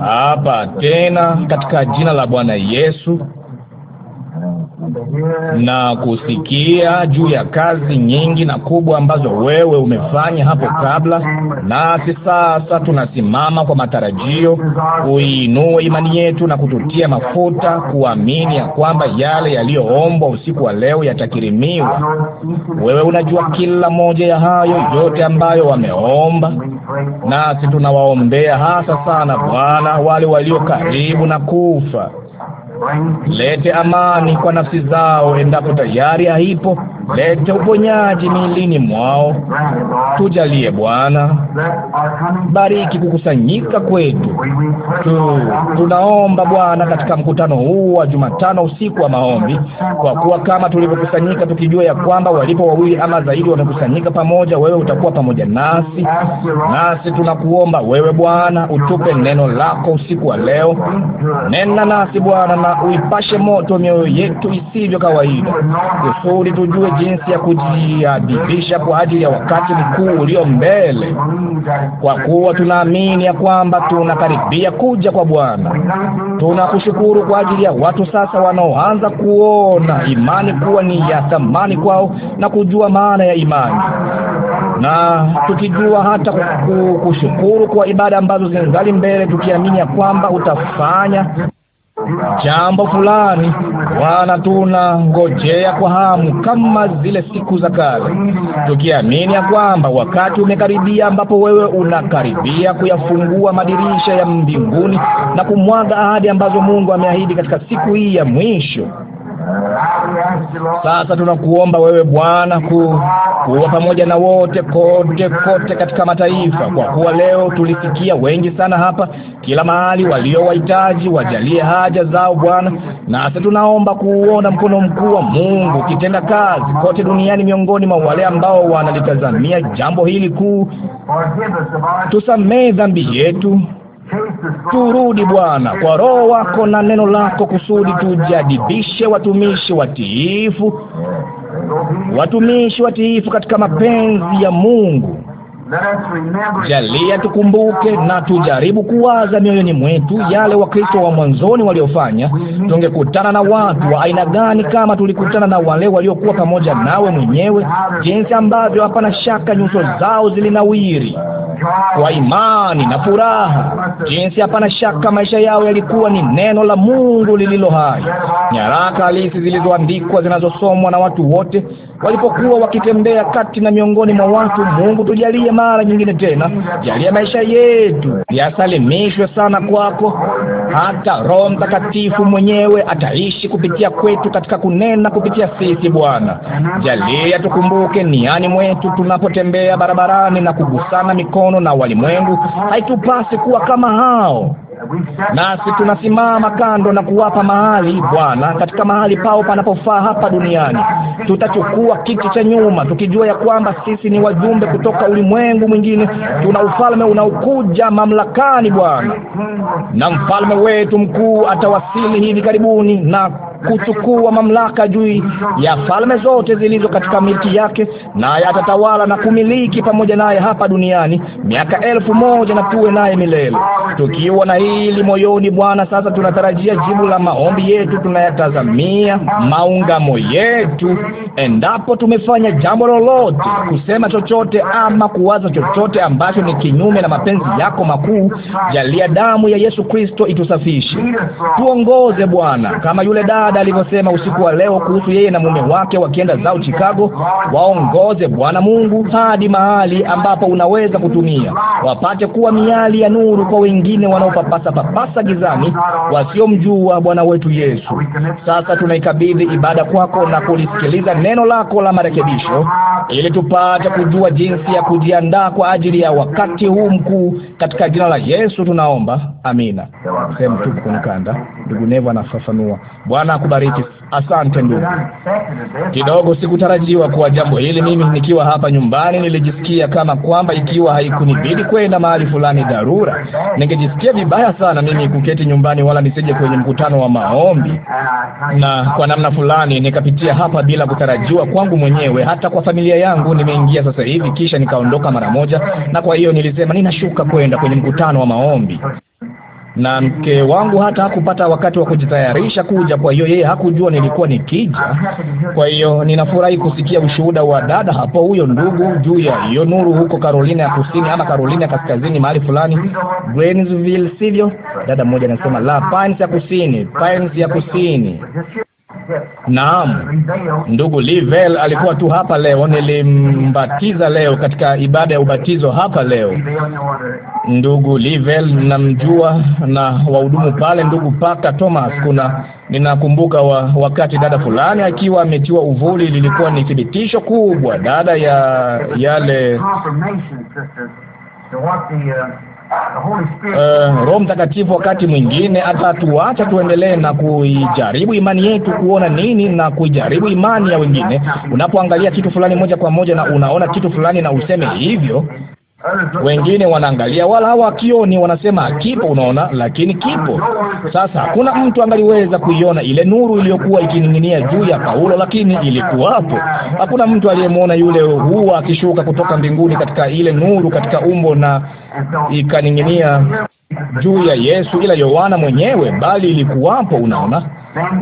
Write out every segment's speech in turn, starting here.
hapa tena katika jina la Bwana Yesu na kusikia juu ya kazi nyingi na kubwa ambazo wewe umefanya hapo kabla, nasi sasa tunasimama kwa matarajio uiinue imani yetu na kututia mafuta kuamini ya kwamba yale yaliyoombwa usiku wa leo yatakirimiwa. Wewe unajua kila moja ya hayo yote ambayo wameomba, nasi tunawaombea hasa sana Bwana, wale walio karibu na kufa lete amani kwa nafsi zao, endapo tayari haipo lete uponyaji milini mwao, tujalie Bwana. Bariki kukusanyika kwetu tu, tunaomba Bwana katika mkutano huu wa Jumatano usiku wa maombi, kwa kuwa kama tulivyokusanyika tukijua ya kwamba walipo wawili ama zaidi wamekusanyika pamoja, wewe utakuwa pamoja nasi. Nasi tunakuomba wewe Bwana utupe neno lako usiku wa leo. Nena nasi Bwana, na uipashe moto mioyo yetu isivyo kawaida, kusudi tujue jinsi ya kujiadibisha kwa ajili ya wakati mkuu ulio mbele, kwa kuwa tunaamini ya kwamba tunakaribia kuja kwa Bwana. Tunakushukuru kwa ajili ya watu sasa wanaoanza kuona imani kuwa ni ya thamani kwao na kujua maana ya imani, na tukijua hata kushukuru kwa ibada ambazo zingali mbele, tukiamini ya kwamba utafanya jambo fulani. Bwana, tunangojea kwa hamu kama zile siku za kale, tukiamini ya kwamba wakati umekaribia, ambapo wewe unakaribia kuyafungua madirisha ya mbinguni na kumwaga ahadi ambazo Mungu ameahidi katika siku hii ya mwisho. Sasa tunakuomba wewe Bwana kuwa pamoja na wote kote kote katika mataifa, kwa kuwa leo tulisikia wengi sana hapa, kila mahali, walio wahitaji, wajalie haja zao Bwana. Nasi tunaomba kuuona mkono mkuu wa Mungu ukitenda kazi kote duniani miongoni mwa wale ambao wanalitazamia jambo hili kuu. Tusamehe dhambi yetu Turudi Bwana kwa Roho wako na neno lako, kusudi tujadibishe watumishi watiifu, watumishi watiifu katika mapenzi ya Mungu. Jalia tukumbuke na tujaribu kuwaza mioyoni mwetu yale Wakristo wa mwanzoni waliofanya. Tungekutana na watu wa aina gani kama tulikutana na wale waliokuwa pamoja nawe mwenyewe, jinsi ambavyo hapana shaka nyuso zao zilinawiri kwa imani na furaha, jinsi hapana shaka maisha yao yalikuwa ni neno la Mungu lililo hai, nyaraka halisi zilizoandikwa zinazosomwa na watu wote walipokuwa wakitembea kati na miongoni mwa watu. Mungu, tujalie mara nyingine tena, jalia maisha yetu yasalimishwe sana kwako, hata Roho Mtakatifu mwenyewe ataishi kupitia kwetu katika kunena kupitia sisi. Bwana, jalia tukumbuke niani mwetu tunapotembea barabarani na kugusana mikono na walimwengu. Haitupasi kuwa kama hao nasi tunasimama kando na kuwapa mahali Bwana katika mahali pao panapofaa hapa duniani. Tutachukua kiti cha nyuma tukijua ya kwamba sisi ni wajumbe kutoka ulimwengu mwingine, tuna ufalme unaokuja mamlakani Bwana, na mfalme wetu mkuu atawasili hivi karibuni na kuchukua mamlaka juu ya falme zote zilizo katika milki yake, naye atatawala na kumiliki pamoja naye hapa duniani miaka elfu moja na tuwe naye milele. Tukiwa na hili moyoni, Bwana, sasa tunatarajia jibu la maombi yetu, tunayatazamia maungamo yetu, endapo tumefanya jambo lolote, kusema chochote ama kuwaza chochote ambacho ni kinyume na mapenzi yako makuu. Jalia damu ya Yesu Kristo itusafishe. Tuongoze Bwana, kama yule dada dada alivyosema usiku wa leo kuhusu yeye na mume wake wakienda zao Chicago, waongoze Bwana Mungu hadi mahali ambapo unaweza kutumia, wapate kuwa miali ya nuru kwa wengine wanaopapasa papasa gizani, wasiomjua Bwana wetu Yesu. Sasa tunaikabidhi ibada kwako na kulisikiliza neno lako la marekebisho, ili tupate kujua jinsi ya kujiandaa kwa ajili ya wakati huu mkuu. Katika jina la Yesu tunaomba, amina. Sehemu tupu kwenye kanda, ndugu Neva anafafanua Bwana akubariki. Asante ndugu. Kidogo sikutarajiwa kuwa jambo hili. Mimi nikiwa hapa nyumbani nilijisikia kama kwamba ikiwa haikunibidi kwenda mahali fulani dharura, ningejisikia vibaya sana mimi kuketi nyumbani, wala nisije kwenye mkutano wa maombi, na kwa namna fulani nikapitia hapa bila kutarajiwa kwangu mwenyewe, hata kwa familia yangu. Nimeingia sasa hivi, kisha nikaondoka mara moja, na kwa hiyo nilisema ninashuka kwenda kwenye mkutano wa maombi na mke wangu hata hakupata wakati wa kujitayarisha kuja. Kwa hiyo yeye hakujua nilikuwa nikija. Kwa hiyo ninafurahi kusikia ushuhuda wa dada hapo, huyo ndugu, juu ya hiyo nuru huko Carolina ya Kusini ama Carolina ya Kaskazini, mahali fulani Gainesville, sivyo? Dada mmoja anasema la, Pines ya Kusini, Pines ya Kusini. Naam, ndugu Livel alikuwa tu hapa leo, nilimbatiza leo katika ibada ya ubatizo hapa leo. Ndugu Livel namjua, na wahudumu pale, ndugu Paka Thomas. Kuna ninakumbuka wa, wakati dada fulani akiwa ametiwa uvuli, lilikuwa ni thibitisho kubwa, dada ya yale Eh, Roho Mtakatifu wakati mwingine atatuacha tuendelee na kuijaribu imani yetu kuona nini, na kuijaribu imani ya wengine. Unapoangalia kitu fulani moja kwa moja na unaona kitu fulani na useme hivyo wengine wanaangalia wala hawakioni, wanasema kipo. Unaona, lakini kipo. Sasa hakuna mtu angaliweza kuiona ile nuru iliyokuwa ikining'inia juu ya Paulo, lakini ilikuwapo. Hakuna mtu aliyemwona yule huwa akishuka kutoka mbinguni katika ile nuru, katika umbo na ikaning'inia juu ya Yesu ila Yohana mwenyewe, bali ilikuwapo, unaona.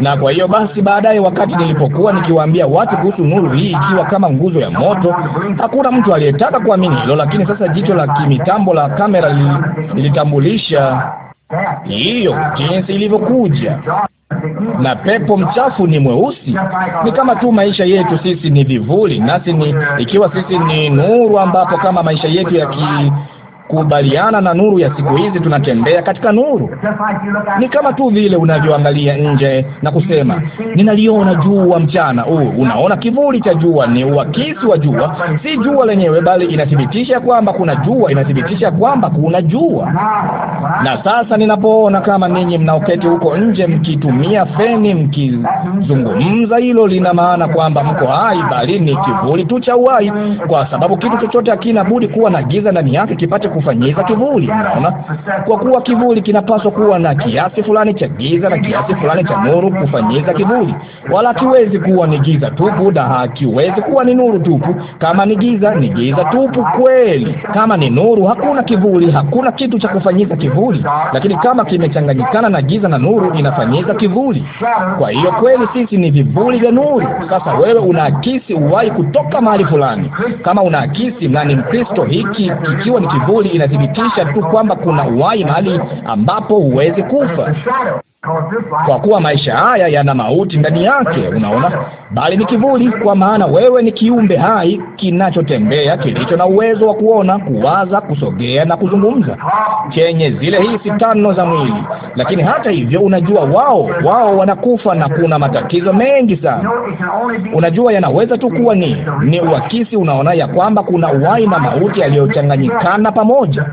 Na kwa hiyo basi, baadaye wakati nilipokuwa nikiwaambia watu kuhusu nuru hii ikiwa kama nguzo ya moto, hakuna mtu aliyetaka kuamini hilo, lakini sasa jicho la kimitambo la kamera lilitambulisha hiyo jinsi ilivyokuja na pepo mchafu ni mweusi. Ni kama tu maisha yetu sisi ni vivuli, nasi ni ikiwa sisi ni nuru, ambapo kama maisha yetu yaki kubaliana na nuru ya siku hizi. Tunatembea katika nuru. Ni kama tu vile unavyoangalia nje na kusema ninaliona jua mchana huu. Unaona kivuli cha jua, ni uakisi wa jua, si jua lenyewe, bali inathibitisha kwamba kuna jua, inathibitisha kwamba kuna jua. Na sasa ninapoona kama ninyi mnaoketi huko nje mkitumia feni, mkizungumza, hilo lina maana kwamba mko hai, bali ni kivuli tu cha uhai, kwa sababu kitu chochote hakina budi kuwa na giza ndani yake kipate ku kufanyika kivuli. Ona, kwa kuwa kivuli kinapaswa kuwa na kiasi fulani cha giza na kiasi fulani cha nuru kufanyika kivuli, wala hakiwezi kuwa ni giza tupu na hakiwezi kuwa ni nuru tupu. Kama ni giza, ni giza tupu kweli. Kama ni nuru, hakuna kivuli, hakuna kitu cha kufanyika kivuli. Lakini kama kimechanganyikana na giza na nuru, inafanyika kivuli. Kwa hiyo kweli sisi ni vivuli vya nuru. Sasa wewe unaakisi uwai kutoka mahali fulani. Kama unaakisi na ni Mkristo, hiki kikiwa ni kivuli inathibitisha tu kwamba kuna uhai mahali ambapo huwezi kufa kwa kuwa maisha haya yana mauti ndani yake, unaona, bali ni kivuli, kwa maana wewe ni kiumbe hai kinachotembea, kilicho na uwezo wa kuona, kuwaza, kusogea na kuzungumza, chenye zile hisi tano za mwili. Lakini hata hivyo, unajua, wao wao wanakufa na kuna matatizo mengi sana. Unajua, yanaweza tu kuwa ni ni uakisi, unaona, ya kwamba kuna uhai na mauti yaliyochanganyikana pamoja.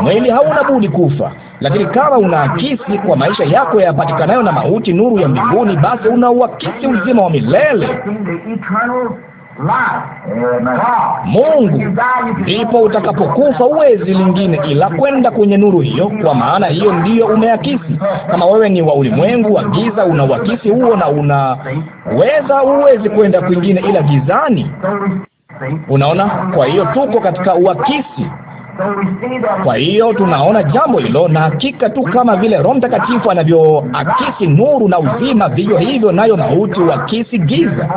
Mwili hauna budi kufa, lakini kama unaakisi kwa maisha yako ya yapatikanayo na mauti, nuru ya mbinguni, basi unauakisi uzima wa milele. Mungu ndipo utakapokufa, uwezi lingine ila kwenda kwenye nuru hiyo, kwa maana hiyo ndiyo umeakisi. Kama wewe ni wa ulimwengu wa giza, una uakisi huo, na unaweza uwezi kwenda kwingine ila gizani. Unaona, kwa hiyo tuko katika uakisi. Kwa hiyo tunaona jambo hilo, na hakika tu kama vile Roho Mtakatifu anavyoakisi nuru na uzima, vivyo hivyo nayo mauti huakisi giza,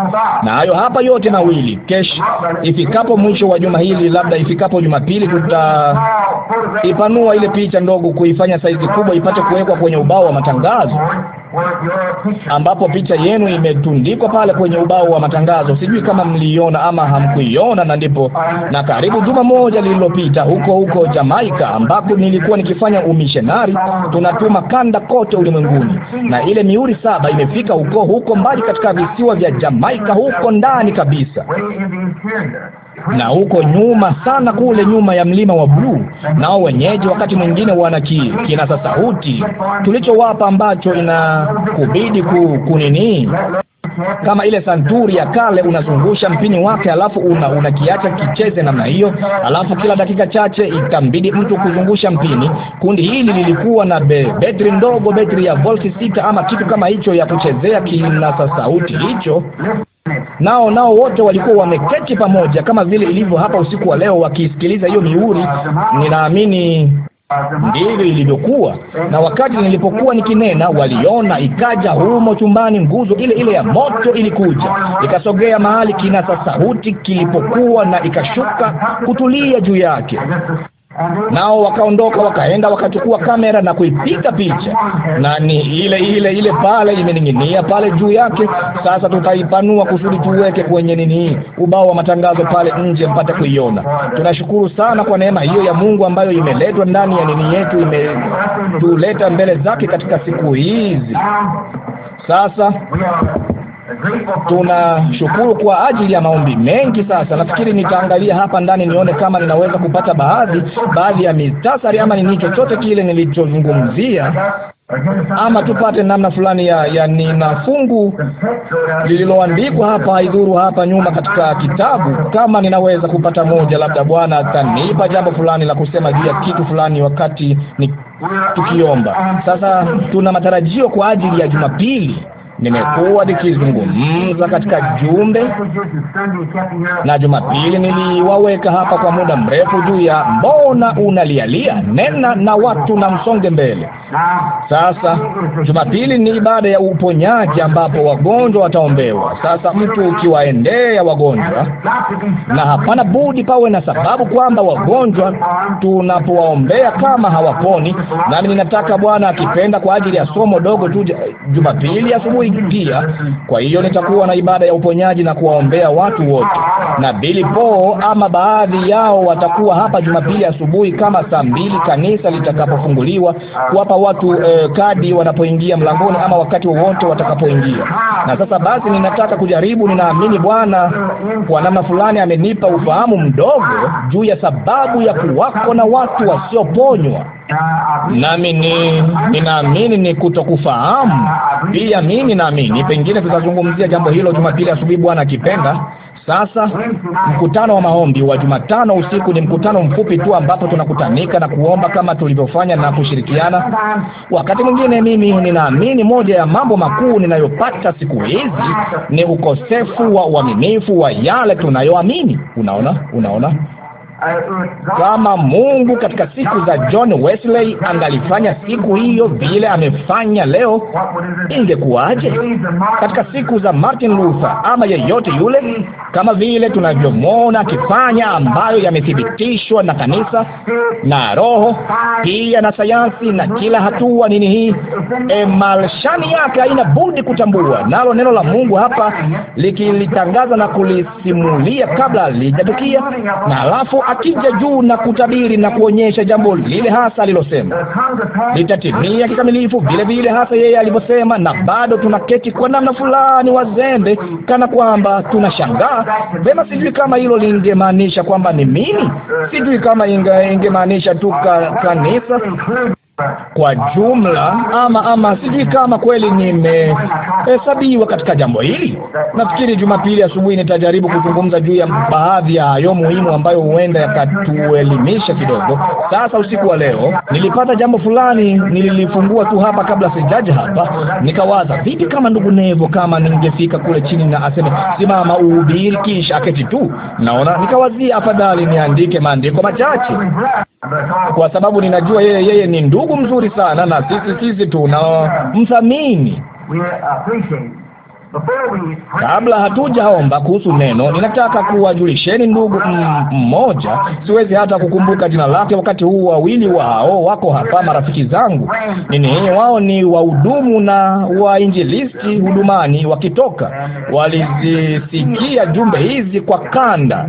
na hayo hapa yote mawili. Kesho ifikapo mwisho wa juma hili, labda ifikapo Jumapili, tutaipanua ile picha ndogo, kuifanya saizi kubwa, ipate kuwekwa kwenye ubao wa matangazo ambapo picha yenu imetundikwa pale kwenye ubao wa matangazo. Sijui kama mliiona ama hamkuiona, na ndipo na karibu juma moja lililopita, huko huko Jamaika, ambako nilikuwa nikifanya umishenari, tunatuma kanda kote ulimwenguni, na ile mihuri saba imefika huko huko mbali katika visiwa vya Jamaika, huko ndani kabisa na huko nyuma sana, kule nyuma ya mlima wa bluu. Nao wenyeji wakati mwingine wana ki, kinasa sauti tulichowapa ambacho inakubidi ku, kunini kama ile santuri ya kale, unazungusha mpini wake, alafu una unakiacha kicheze namna hiyo, alafu kila dakika chache itambidi mtu kuzungusha mpini. Kundi hili lilikuwa na be, betri ndogo, betri ya volti sita ama kitu kama hicho ya kuchezea kinasa sauti hicho nao nao wote walikuwa wameketi pamoja, kama vile ilivyo hapa usiku wa leo, wakisikiliza hiyo mihuri. Ninaamini ndivyo ilivyokuwa. Na wakati nilipokuwa nikinena, waliona ikaja humo chumbani, nguzo ile ile ya moto ilikuja ikasogea mahali kinasa sauti kilipokuwa, na ikashuka kutulia juu yake. Nao wakaondoka wakaenda wakachukua kamera na kuipiga picha, na ni ile ile ile pale imening'inia pale juu yake. Sasa tutaipanua kusudi tuweke kwenye nini, ubao wa matangazo pale nje, mpate kuiona. Tunashukuru sana kwa neema hiyo ya Mungu ambayo imeletwa ndani ya nini yetu, imetuleta mbele zake katika siku hizi sasa Tunashukuru kwa ajili ya maombi mengi. Sasa nafikiri nitaangalia hapa ndani nione kama ninaweza kupata baadhi baadhi ya mitasari ama nini, chochote kile nilichozungumzia, ama tupate namna fulani ya, ya nina fungu lililoandikwa hapa, haidhuru hapa nyuma katika kitabu, kama ninaweza kupata moja, labda Bwana atanipa jambo fulani la kusema juu ya kitu fulani wakati ni tukiomba. Sasa tuna matarajio kwa ajili ya Jumapili. Nimekuwa ah, nikizungumza katika jumbe na Jumapili niliwaweka hapa kwa muda mrefu juu ya mbona unalialia, nena na watu na msonge mbele. Sasa Jumapili ni baada ya uponyaji ambapo wagonjwa wataombewa. Sasa mtu ukiwaendea wagonjwa, na hapana budi pawe na sababu kwamba wagonjwa tunapowaombea kama hawaponi, nami ninataka Bwana akipenda, kwa ajili ya somo dogo tu Jumapili asubuhi asubuhi pia. Kwa hiyo nitakuwa na ibada ya uponyaji na kuwaombea watu wote, na Billy Paul ama baadhi yao watakuwa hapa Jumapili asubuhi kama saa mbili kanisa litakapofunguliwa, kuwapa watu eh, kadi wanapoingia mlangoni ama wakati wowote watakapoingia. Na sasa basi, ninataka kujaribu. Ninaamini Bwana kwa namna fulani amenipa ufahamu mdogo juu ya sababu ya kuwako na watu wasioponywa nami ni ninaamini ni kutokufahamu pia. Mimi naamini pengine tutazungumzia jambo hilo Jumapili asubuhi, Bwana akipenda. Sasa mkutano wa maombi wa Jumatano usiku ni mkutano mfupi tu ambapo tunakutanika na kuomba kama tulivyofanya na kushirikiana. Wakati mwingine, mimi ninaamini moja ya mambo makuu ninayopata siku hizi ni ukosefu wa uaminifu wa yale tunayoamini. Unaona, unaona kama Mungu katika siku za John Wesley angalifanya siku hiyo vile amefanya leo, ingekuwaje? Katika siku za Martin Luther ama yeyote yule, kama vile tunavyomwona akifanya, ambayo yamethibitishwa na kanisa na Roho pia na sayansi na kila hatua. Nini hii emalshani yake haina budi kutambua, nalo neno la Mungu hapa likilitangaza na kulisimulia kabla lijatukia, na alafu akija juu na kutabiri na kuonyesha jambo lile hasa alilosema litatimia kikamilifu vile vile hasa yeye alivyosema, na bado tunaketi kwa namna fulani wazembe, kana kwamba tunashangaa vema. Sijui kama hilo lingemaanisha kwamba ni mimi, sijui kama ingemaanisha inge tu kanisa kwa jumla ama ama, sijui kama kweli nimehesabiwa katika jambo hili. Nafikiri Jumapili asubuhi nitajaribu kuzungumza juu ya baadhi ya hayo muhimu ambayo huenda yakatuelimisha kidogo. Sasa usiku wa leo nilipata jambo fulani, nililifungua tu hapa kabla sijaja hapa, nikawaza vipi kama ndugu Nevo, kama ningefika kule chini na aseme simama uhubiri, kisha aketi tu. Naona nikawazia afadhali niandike maandiko machache, kwa sababu ninajua yeye yeye ni ndugu ndugu mzuri sana, na sisi sisi mthamini Kabla hatujaomba kuhusu neno, ninataka kuwajulisheni ndugu mmoja, siwezi hata kukumbuka jina lake wakati huu. Wawili wao wako hapa, marafiki zangu nini, wao ni wahudumu na wainjilisti hudumani. Wakitoka walizisikia jumbe hizi kwa kanda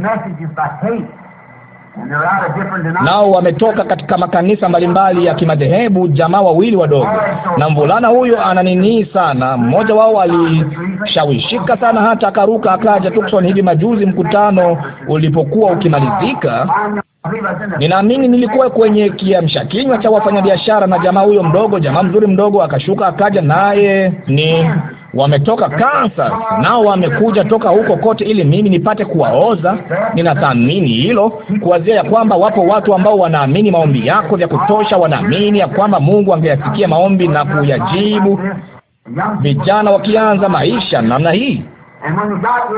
nao wametoka katika makanisa mbalimbali ya kimadhehebu, jamaa wawili wadogo, na mvulana huyo ananinii sana. Mmoja wao alishawishika sana hata akaruka akaja Tucson hivi majuzi, mkutano ulipokuwa ukimalizika. Ninaamini nilikuwa kwenye kiamsha kinywa cha wafanyabiashara, na jamaa huyo mdogo, jamaa mzuri mdogo, akashuka akaja naye ni wametoka Kansas, nao wamekuja toka huko kote ili mimi nipate kuwaoza. Ninathamini hilo, kuwazia ya kwamba wapo watu ambao wanaamini maombi yako vya kutosha, wanaamini ya kwamba Mungu angeyasikia maombi na kuyajibu. Vijana wakianza maisha namna hii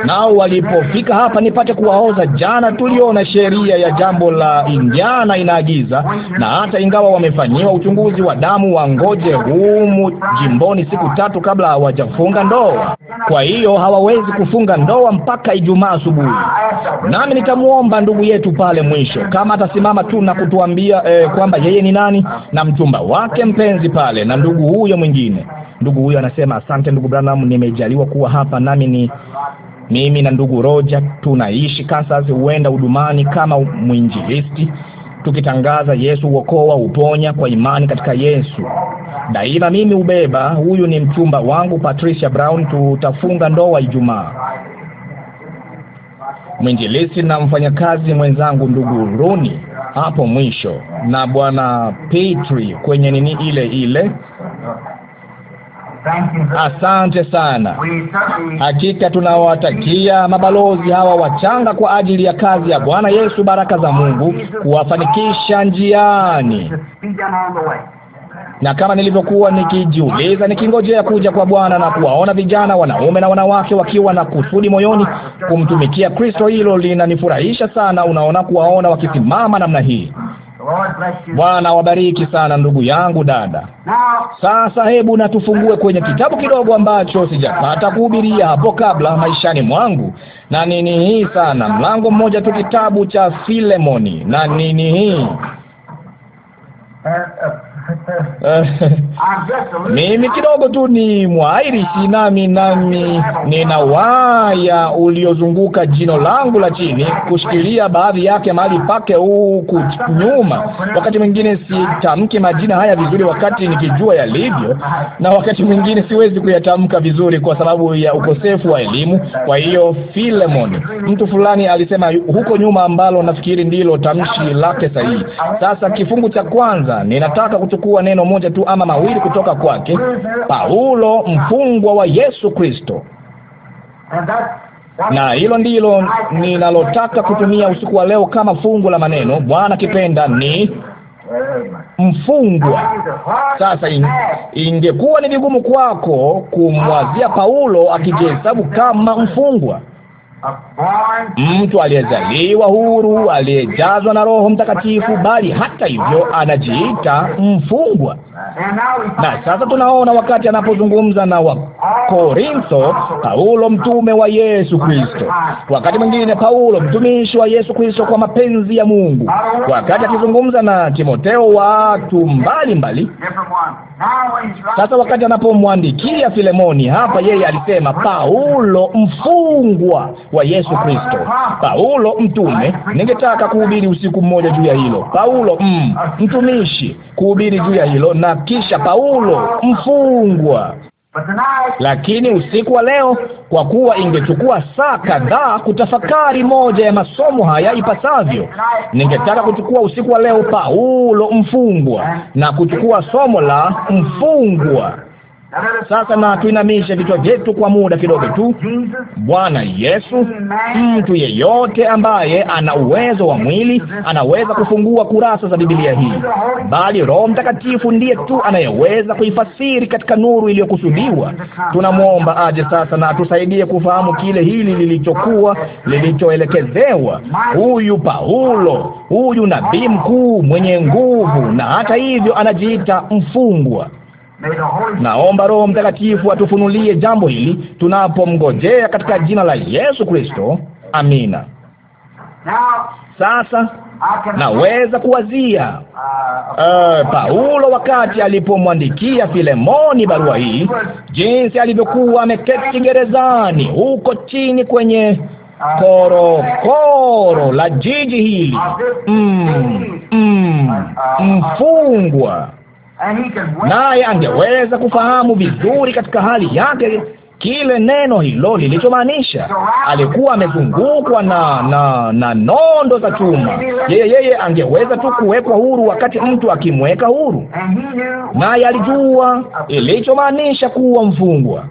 Nao walipofika hapa nipate kuwaoza, jana tuliona sheria ya jambo la Indiana inaagiza, na hata ingawa wamefanyiwa uchunguzi wa damu, wangoje humu jimboni siku tatu kabla hawajafunga ndoa. Kwa hiyo hawawezi kufunga ndoa mpaka Ijumaa asubuhi. Nami nitamwomba ndugu yetu pale mwisho, kama atasimama tu na kutuambia eh, kwamba yeye ni nani na mchumba wake mpenzi pale na ndugu huyo mwingine. Ndugu huyo anasema asante ndugu Branham, nimejaliwa kuwa hapa nami ni mimi na ndugu Roger tunaishi Kansas, huenda hudumani kama mwinjilisti, tukitangaza Yesu uokoa, uponya kwa imani katika Yesu. Daima mimi ubeba, huyu ni mchumba wangu Patricia Brown, tutafunga ndoa Ijumaa. Mwinjilisti na mfanyakazi mwenzangu ndugu Runi hapo mwisho, na bwana Petri kwenye nini ile ile Asante sana. Hakika tunawatakia mabalozi hawa wachanga kwa ajili ya kazi ya Bwana Yesu baraka za Mungu kuwafanikisha njiani na kama nilivyokuwa nikijiuliza nikingojea kuja kwa Bwana na kuwaona vijana wanaume na wanawake wakiwa na kusudi moyoni kumtumikia Kristo, hilo linanifurahisha sana. Unaona, kuwaona wakisimama namna hii Bwana wabariki sana ndugu yangu dada. Sasa hebu na tufungue kwenye kitabu kidogo ambacho sijapata kuhubiria hapo kabla maishani mwangu, na nini hii sana, mlango mmoja tu, kitabu cha Filemoni, na nini hii eh, eh, mimi kidogo tu ni mwairishi, nami nami nina waya uliozunguka jino langu la chini, kushikilia baadhi yake mahali pake huku nyuma. Wakati mwingine sitamki majina haya vizuri, wakati nikijua yalivyo, na wakati mwingine siwezi kuyatamka vizuri kwa sababu ya ukosefu wa elimu. Kwa hiyo Filemon, mtu fulani alisema huko nyuma, ambalo nafikiri ndilo tamshi lake sahihi. Sasa kifungu cha kwanza ninataka kutu kuchukua neno moja tu ama mawili kutoka kwake, Paulo mfungwa wa Yesu Kristo, na hilo ndilo ninalotaka kutumia usiku wa leo kama fungu la maneno, Bwana kipenda, ni mfungwa. Sasa in, ingekuwa ni vigumu kwako kumwazia Paulo akijihesabu kama mfungwa mtu aliyezaliwa huru, aliyejazwa na Roho Mtakatifu, bali hata hivyo anajiita mfungwa. Na sasa tunaona wakati anapozungumza na Wakorintho, Paulo mtume wa Yesu Kristo, wakati mwingine Paulo mtumishi wa Yesu Kristo kwa mapenzi ya Mungu, wakati akizungumza na Timotheo, watu mbalimbali mbali. Sasa wakati anapomwandikia Filemoni hapa, yeye alisema Paulo mfungwa wa Yesu Kristo, Paulo mtume. Ningetaka kuhubiri usiku mmoja juu ya hilo, Paulo mm, mtumishi, kuhubiri juu ya hilo, na kisha Paulo mfungwa lakini usiku wa leo, kwa kuwa ingechukua saa kadhaa kutafakari moja ya masomo haya ipasavyo, ningetaka kuchukua usiku wa leo Paulo mfungwa na kuchukua somo la mfungwa sasa na tuinamishe vichwa vyetu kwa muda kidogo tu. Bwana Yesu, mtu yeyote ambaye ana uwezo wa mwili anaweza kufungua kurasa za Biblia hii, bali Roho Mtakatifu ndiye tu anayeweza kuifasiri katika nuru iliyokusudiwa. Tunamwomba aje sasa na tusaidie kufahamu kile hili lilichokuwa lilichoelekezewa. Huyu Paulo, huyu nabii mkuu mwenye nguvu, na hata hivyo anajiita mfungwa Naomba Roho Mtakatifu atufunulie jambo hili tunapomngojea katika jina la Yesu Kristo, amina. Sasa naweza kuwazia uh, Paulo wakati alipomwandikia Filemoni barua hii, jinsi alivyokuwa ameketi gerezani huko chini kwenye korokoro la jiji hili mm, mm, mm mfungwa naye angeweza kufahamu vizuri katika hali yake kile neno hilo lilichomaanisha. Alikuwa amezungukwa na, na na nondo za chuma. Yeye yeye angeweza tu kuwekwa huru wakati mtu akimweka huru, naye alijua ilichomaanisha kuwa mfungwa.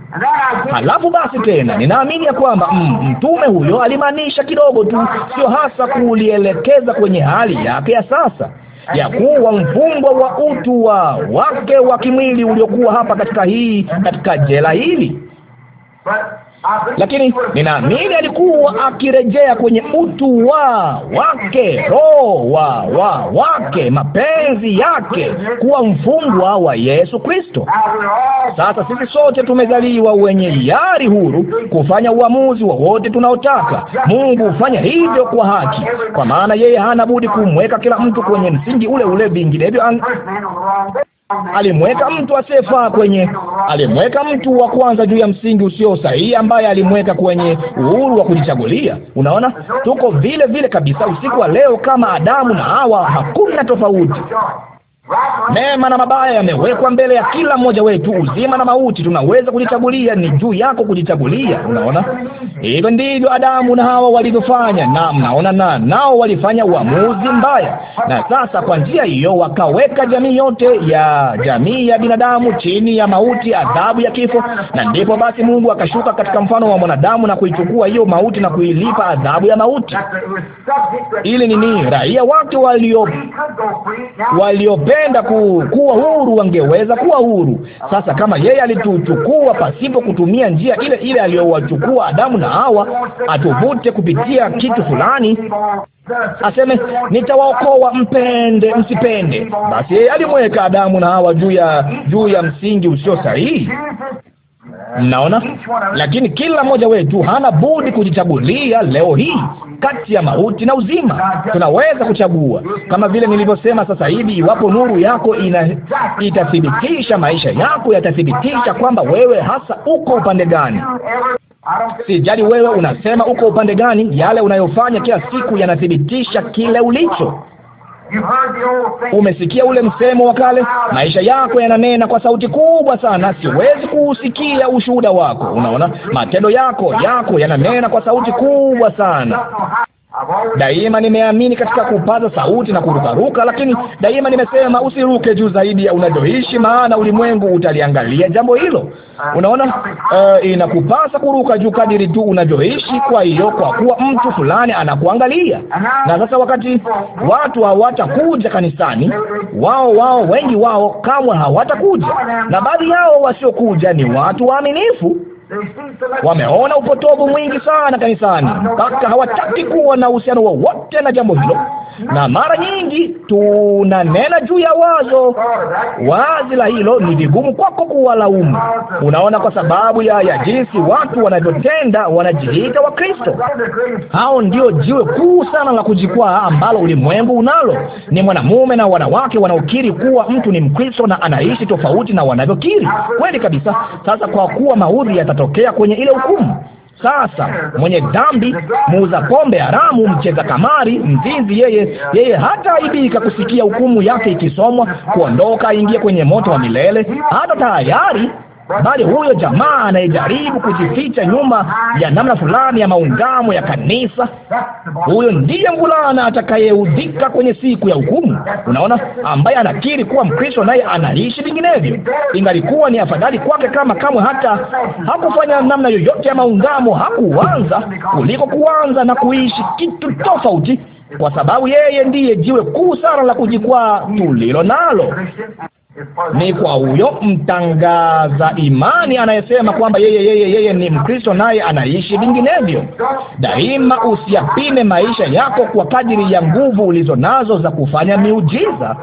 Halafu basi tena ninaamini ya kwamba mm, mtume huyo alimaanisha kidogo tu, sio hasa kulielekeza kwenye hali yake ya sasa ya kuwa mfungwa wa utu wa wake wa kimwili uliokuwa hapa katika hii katika jela hili lakini ninaamini alikuwa akirejea kwenye utu wa wake, roho wa wa wake, mapenzi yake, kuwa mfungwa wa Yesu Kristo. Sasa sisi sote tumezaliwa wenye hiari huru kufanya uamuzi wowote tunaotaka. Mungu hufanya hivyo kwa haki, kwa maana yeye hana budi kumweka kila mtu kwenye msingi ule ule, vinginevyo alimweka mtu asiyefaa kwenye, alimweka mtu wa kwanza juu ya msingi usio sahihi, ambaye alimweka kwenye uhuru wa kujichagulia. Unaona, tuko vile vile kabisa usiku wa leo kama Adamu na Hawa, hakuna tofauti. Mema na mabaya yamewekwa mbele ya kila mmoja wetu, uzima na mauti. Tunaweza kujichagulia, ni juu yako kujichagulia. Unaona, hivyo ndivyo Adamu na Hawa walivyofanya, na mnaona, na nao walifanya uamuzi mbaya, na sasa kwa njia hiyo wakaweka jamii yote ya jamii ya binadamu chini ya mauti, adhabu ya kifo. Na ndipo basi Mungu akashuka katika mfano wa mwanadamu na kuichukua hiyo mauti na kuilipa adhabu ya mauti. Ili nini? Raia wake walio waliope wangependa ku, kuwa huru wangeweza kuwa huru. Sasa kama yeye alituchukua pasipo kutumia njia ile ile aliyowachukua Adamu na Hawa, atuvute kupitia kitu fulani aseme nitawaokoa, mpende msipende. Basi yeye alimweka Adamu na Hawa juu ya juu ya msingi usio sahihi. Mnaona, lakini kila mmoja wetu hana budi kujichagulia leo hii kati ya mauti na uzima. Tunaweza kuchagua, kama vile nilivyosema sasa hivi. Iwapo nuru yako ina itathibitisha, maisha yako yatathibitisha kwamba wewe hasa uko upande gani. Sijali wewe unasema uko upande gani, yale unayofanya kila siku yanathibitisha kile ulicho. Umesikia ule msemo wa kale, maisha yako yananena kwa sauti kubwa sana, siwezi kuusikia ushuhuda wako. Unaona, matendo yako yako yananena kwa sauti kubwa sana. Daima nimeamini katika kupaza sauti na kurukaruka, lakini daima nimesema usiruke juu zaidi ya unavyoishi, maana ulimwengu utaliangalia jambo hilo. Unaona, uh, inakupasa kuruka juu kadiri tu unavyoishi. Kwa hiyo, kwa kuwa mtu fulani anakuangalia. Na sasa, wakati watu hawatakuja kanisani, wao wao wengi wao kamwe hawatakuja, na baadhi yao wasiokuja ni watu waaminifu. Wameona upotovu mwingi sana kanisani, mpaka hawataki kuwa na uhusiano wowote na jambo hilo. Na mara nyingi tunanena juu ya wazo wazi la hilo, ni vigumu kwako kuwalaumu. Unaona, kwa sababu ya, ya jinsi watu wanavyotenda, wanajiita Wakristo. Hao ndio jiwe kuu sana la kujikwaa ambalo ulimwengu unalo, ni mwanamume na wanawake wanaokiri kuwa mtu ni Mkristo na anaishi tofauti na wanavyokiri. Kweli kabisa. Sasa kwa kuwa maudhi yata atatokea kwenye ile hukumu. Sasa mwenye dhambi, muuza pombe haramu, mcheza kamari, mzinzi, yeye yeye hata aibika kusikia hukumu yake ikisomwa, kuondoka, aingie kwenye moto wa milele. Hata tayari bali huyo jamaa anayejaribu kujificha nyuma ya namna fulani ya maungamo ya kanisa, huyo ndiye mvulana atakayeudhika kwenye siku ya hukumu. Unaona, ambaye anakiri kuwa Mkristo naye anaishi vinginevyo. Ingalikuwa ni afadhali kwake kama kamwe hata hakufanya namna yoyote ya maungamo, hakuanza kuliko kuanza na kuishi kitu tofauti, kwa sababu yeye ndiye jiwe kuu sana la kujikwaa tulilo nalo ni kwa huyo mtangaza imani anayesema kwamba yeye yeye yeye ni Mkristo naye anaishi vinginevyo. Daima usiyapime maisha yako kwa kadiri ya nguvu ulizo nazo za kufanya miujiza,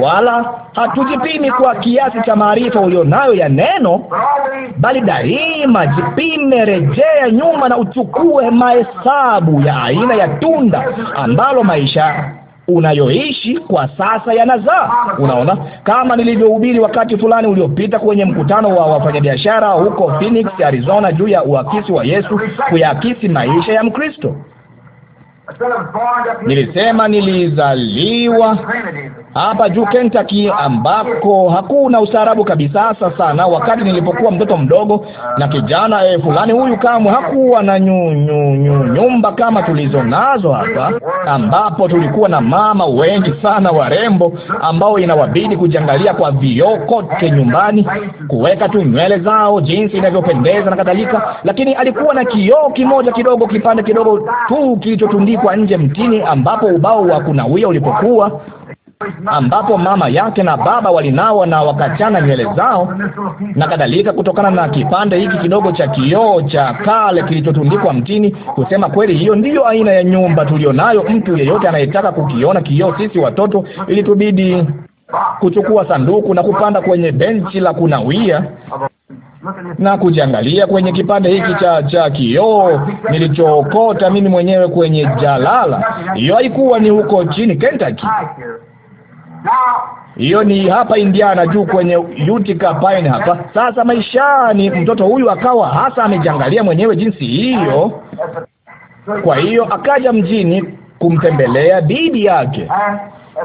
wala hatujipimi kwa kiasi cha maarifa ulionayo ya neno, bali daima jipime, rejea nyuma na uchukue mahesabu ya aina ya tunda ambalo maisha unayoishi kwa sasa yanazaa. Unaona, kama nilivyohubiri wakati fulani uliopita kwenye mkutano wa wafanyabiashara huko Phoenix, Arizona, juu ya uakisi wa Yesu kuyaakisi maisha ya Mkristo. Nilisema nilizaliwa hapa juu Kentucky, ambako hakuna ustaarabu kabisa. Sasa sana wakati nilipokuwa mtoto mdogo na kijana eh, fulani huyu kamwe hakuwa na nyu, nyu, nyu, nyumba kama tulizo nazo hapa, ambapo tulikuwa na mama wengi sana warembo ambao inawabidi kujiangalia kwa vioo kote nyumbani, kuweka tu nywele zao jinsi inavyopendeza na kadhalika, lakini alikuwa na kioo kimoja kidogo, kipande kidogo tu kilichotundikwa nje mtini, ambapo ubao wa kunawia ulipokuwa ambapo mama yake na baba walinawa na wakachana nywele zao na kadhalika, kutokana na kipande hiki kidogo cha kioo cha kale kilichotundikwa mtini. Kusema kweli, hiyo ndiyo aina ya nyumba tulionayo. Mtu yeyote anayetaka kukiona kioo, sisi watoto ilitubidi kuchukua sanduku na kupanda kwenye benchi la kunawia na kujiangalia kwenye kipande hiki cha cha kioo nilichokota mimi mwenyewe kwenye jalala. Hiyo haikuwa ni huko chini Kentucky, hiyo ni hapa Indiana juu kwenye Utica Pine hapa. Sasa maishani, mtoto huyu akawa hasa amejiangalia mwenyewe jinsi hiyo. Kwa hiyo akaja mjini kumtembelea bibi yake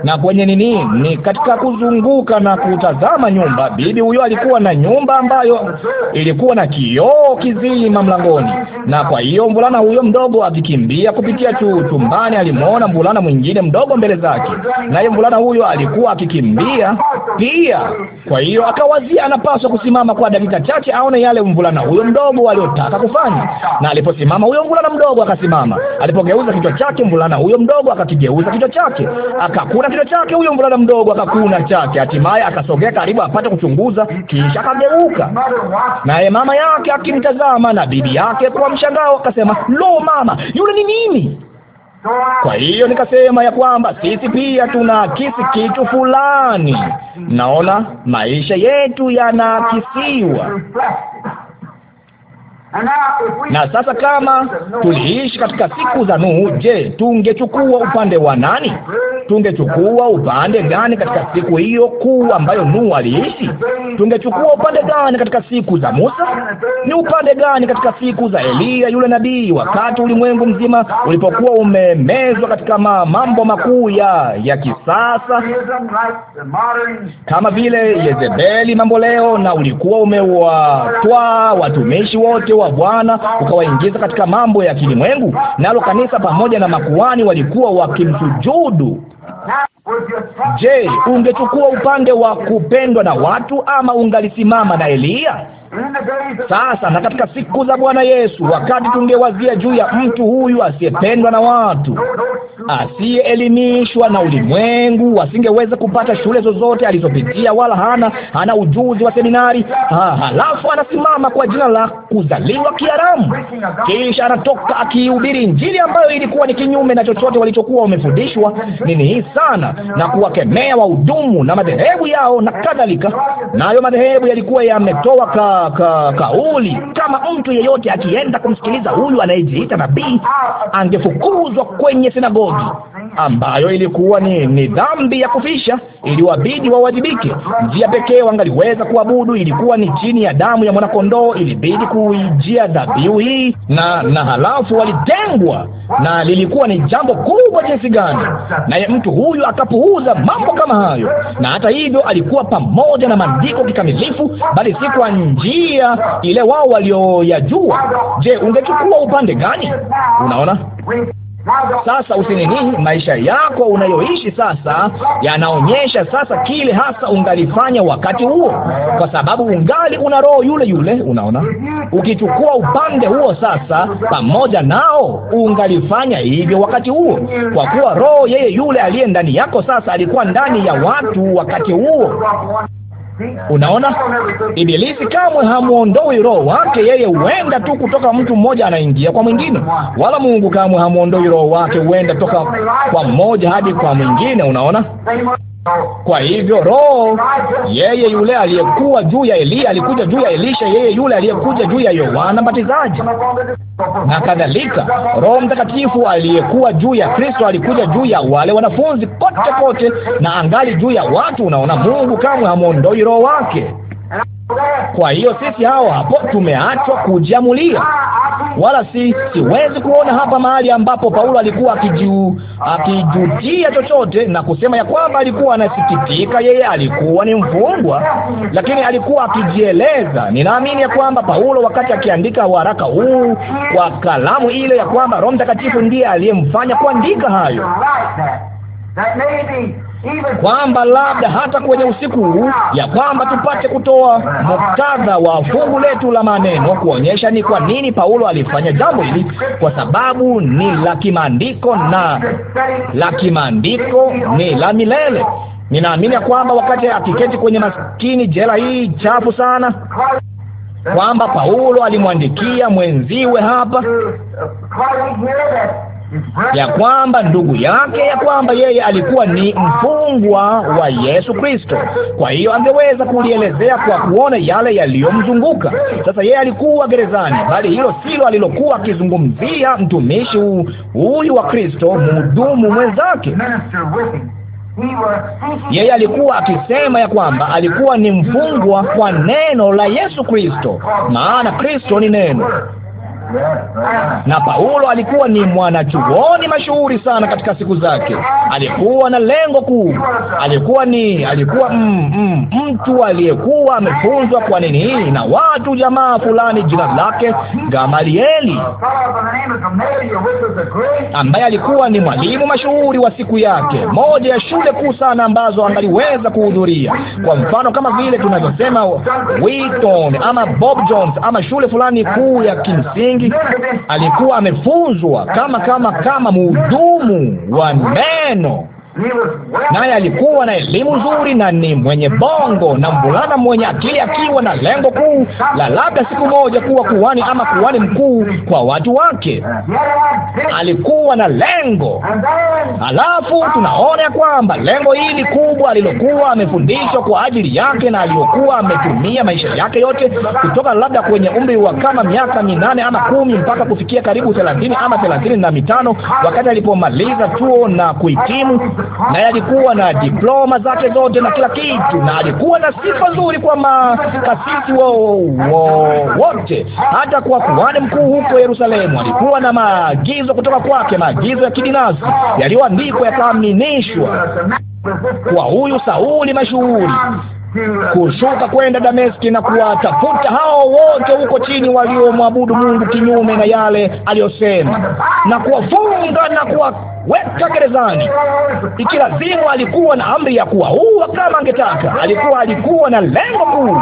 na kwenye nini, ni katika kuzunguka na kutazama nyumba. Bibi huyo alikuwa na nyumba ambayo ilikuwa na kioo kizima mlangoni, na kwa hiyo mvulana huyo mdogo akikimbia kupitia tu chumbani, alimwona mvulana mwingine mdogo mbele zake, naye mvulana huyo alikuwa akikimbia pia. Kwa hiyo akawazia anapaswa kusimama kwa dakika chache aone yale mvulana huyo mdogo aliotaka kufanya, na aliposimama huyo mvulana mdogo akasimama, alipogeuza kichwa chake mvulana huyo mdogo akakigeuza kichwa chake akaku kuna kitu chake. Huyo mvulana mdogo akakuna chake, hatimaye akasogea karibu apate kuchunguza, kisha akageuka, naye mama yake akimtazama na bibi yake kwa mshangao, akasema lo, mama yule ni nini? Kwa hiyo nikasema ya kwamba sisi pia tunaakisi kitu fulani. Naona maisha yetu yanaakisiwa na sasa kama tuliishi katika siku za Nuhu, je, tungechukua upande wa nani? Tungechukua upande gani katika siku hiyo kuu ambayo Nuhu aliishi? Tungechukua upande gani katika siku za Musa? Ni upande gani katika siku za Eliya yule nabii, wakati ulimwengu mzima ulipokuwa umemezwa katika mambo makuu ya ya kisasa kama vile Yezebeli mambo leo, na ulikuwa umewatwaa watumishi wote wa Bwana ukawaingiza katika mambo ya kilimwengu, nalo kanisa pamoja na makuhani walikuwa wakimsujudu. Je, ungechukua upande wa kupendwa na watu ama ungalisimama na Eliya? Sasa na katika siku za Bwana Yesu, wakati tungewazia juu ya mtu huyu asiyependwa na watu, asiyeelimishwa na ulimwengu, asingeweza kupata shule zozote alizopitia, wala hana hana ujuzi wa seminari ha, halafu anasimama kwa jina la kuzaliwa kiharamu, kisha anatoka akihubiri Injili ambayo ilikuwa ni kinyume na chochote walichokuwa wamefundishwa. Nini hii sana, na kuwakemea wahudumu na madhehebu yao na kadhalika, nayo madhehebu yalikuwa yametoa kaa ka, ka, kauli. Kama mtu yeyote akienda kumsikiliza huyu anayejiita nabii, angefukuzwa kwenye sinagogi, ambayo ilikuwa ni, ni dhambi ya kufisha iliwabidi wawajibike. Njia pekee wangaliweza kuabudu ilikuwa ni chini ya damu ya mwanakondoo, ilibidi kuijia dhabihu hii na na, halafu walitengwa, na lilikuwa ni jambo kubwa jinsi gani! Naye mtu huyu akapuuza mambo kama hayo, na hata hivyo alikuwa pamoja na maandiko kikamilifu, bali si kwa njia ile wao walioyajua. Je, ungechukua upande gani? Unaona? Sasa usinihihi, maisha yako unayoishi sasa yanaonyesha sasa kile hasa ungalifanya wakati huo, kwa sababu ungali una roho yule yule. Unaona, ukichukua upande huo sasa pamoja nao, ungalifanya hivyo wakati huo, kwa kuwa roho yeye yule aliye ndani yako sasa alikuwa ndani ya watu wakati huo. Unaona, Ibilisi kamwe hamuondoi roho wake, yeye huenda tu kutoka mtu mmoja anaingia kwa mwingine, wala Mungu kamwe hamuondoi roho wake, huenda toka kwa mmoja hadi kwa mwingine. Unaona. Kwa hivyo Roho yeye yule aliyekuwa juu ya Eliya alikuja juu ya Elisha, yeye yule aliyekuja juu ya Yohana Mbatizaji na kadhalika. Roho Mtakatifu aliyekuwa juu ya Kristo alikuja juu ya wale wanafunzi kote kote, na angali juu ya watu. Unaona, Mungu kamwe hamwondoi Roho wake. Kwa hiyo sisi hawa hapo tumeachwa kujiamulia, wala si siwezi kuona hapa mahali ambapo Paulo alikuwa akiju, akijutia chochote na kusema ya kwamba alikuwa anasikitika, yeye alikuwa ni mfungwa, lakini alikuwa akijieleza. Ninaamini ya kwamba Paulo wakati akiandika waraka huu kwa kalamu ile, ya kwamba Roho Mtakatifu ndiye aliyemfanya kuandika hayo kwamba labda hata kwenye usiku huu, ya kwamba tupate kutoa muktadha wa fungu letu la maneno, kuonyesha ni kwa nini Paulo alifanya jambo hili, kwa sababu ni la kimaandiko na la kimaandiko ni la milele. Ninaamini ya kwamba wakati akiketi kwenye maskini jela hii chafu sana kwamba Paulo alimwandikia mwenziwe hapa ya kwamba ndugu yake, ya kwamba yeye alikuwa ni mfungwa wa Yesu Kristo, kwa hiyo angeweza kulielezea kwa kuona yale yaliyomzunguka. Sasa yeye alikuwa gerezani, bali hilo silo alilokuwa akizungumzia mtumishi huyu wa Kristo, mhudumu mwenzake. Yeye alikuwa akisema ya kwamba alikuwa ni mfungwa kwa neno la Yesu Kristo, maana Kristo ni neno na Paulo alikuwa ni mwanachuoni mashuhuri sana katika siku zake, alikuwa na lengo kuu, alikuwa ni alikuwa mm, mm, mtu aliyekuwa amefunzwa kwa nini hii na watu jamaa fulani, jina lake Gamalieli, ambaye alikuwa ni mwalimu mashuhuri wa siku yake, moja ya shule kuu sana ambazo angaliweza kuhudhuria. Kwa mfano kama vile tunavyosema Wheaton ama Bob Jones ama shule fulani kuu ya kimsingi nyingi alikuwa amefunzwa kama kama kama mhudumu wa neno naye alikuwa na elimu nzuri na ni mwenye bongo na mvulana mwenye akili, akiwa na lengo kuu la labda siku moja kuwa kuhani ama kuhani mkuu kwa watu wake. Alikuwa na lengo. Alafu tunaona ya kwamba lengo hili kubwa alilokuwa amefundishwa kwa ajili yake na aliyokuwa ametumia maisha yake yote kutoka labda kwenye umri wa kama miaka minane ama kumi mpaka kufikia karibu thelathini ama thelathini na mitano wakati alipomaliza chuo na kuhitimu naye alikuwa na diploma zake zote na kila kitu, na alikuwa na sifa nzuri kwa makasisi wote, hata kwa kuhani mkuu huko Yerusalemu. Alikuwa na maagizo kutoka kwake, maagizo ya kibinafsi yaliyoandikwa yakaaminishwa kwa huyu Sauli mashuhuri kushuka kwenda Dameski na kuwatafuta hao wote huko chini waliomwabudu Mungu kinyume na yale aliyosema, na kuwafunga na kuwaweka gerezani. Ikilazimu, alikuwa na amri ya kuwaua kama angetaka. Alikuwa alikuwa na lengo kuu,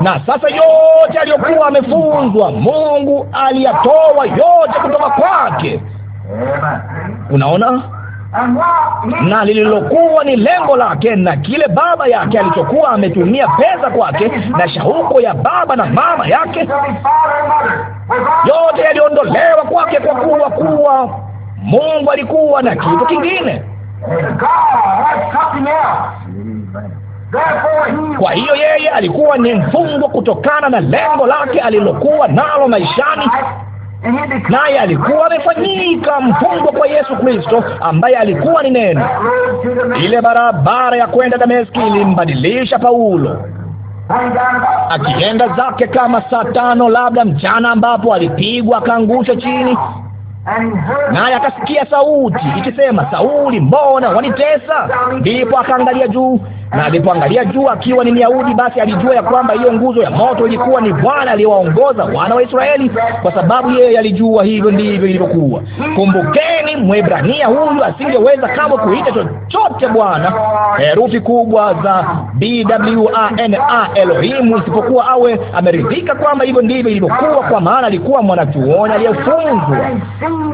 na sasa yote aliyokuwa amefunzwa, Mungu aliyatoa yote kutoka kwake. Unaona? na lililokuwa ni lengo lake na kile baba yake alichokuwa ametumia pesa kwake na shauko ya baba na mama yake, yote yaliondolewa kwake, kwa kuwa kuwa Mungu alikuwa na kitu kingine. Kwa hiyo yeye alikuwa ni mfungwa kutokana na lengo lake alilokuwa nalo maishani naye alikuwa amefanyika mfungwa kwa Yesu Kristo, ambaye alikuwa ni neno. Ile barabara ya kwenda Dameski ilimbadilisha Paulo akienda zake kama saa tano labda mchana, ambapo alipigwa akaangushwa chini, naye akasikia sauti ikisema, Sauli, mbona wanitesa? Ndipo akaangalia juu na alipoangalia juu akiwa ni Myahudi, basi alijua ya kwamba hiyo nguzo ya moto ilikuwa ni Bwana aliyewaongoza wana wa Israeli, kwa sababu yeye alijua hivyo ndivyo ilivyokuwa. Kumbukeni, Mwebrania huyu asingeweza kama kuita chochote Bwana, herufi kubwa za B W A N A Elohimu, isipokuwa awe ameridhika kwamba hivyo ndivyo ilivyokuwa, kwa maana alikuwa mwanachuoni aliyefunzwa.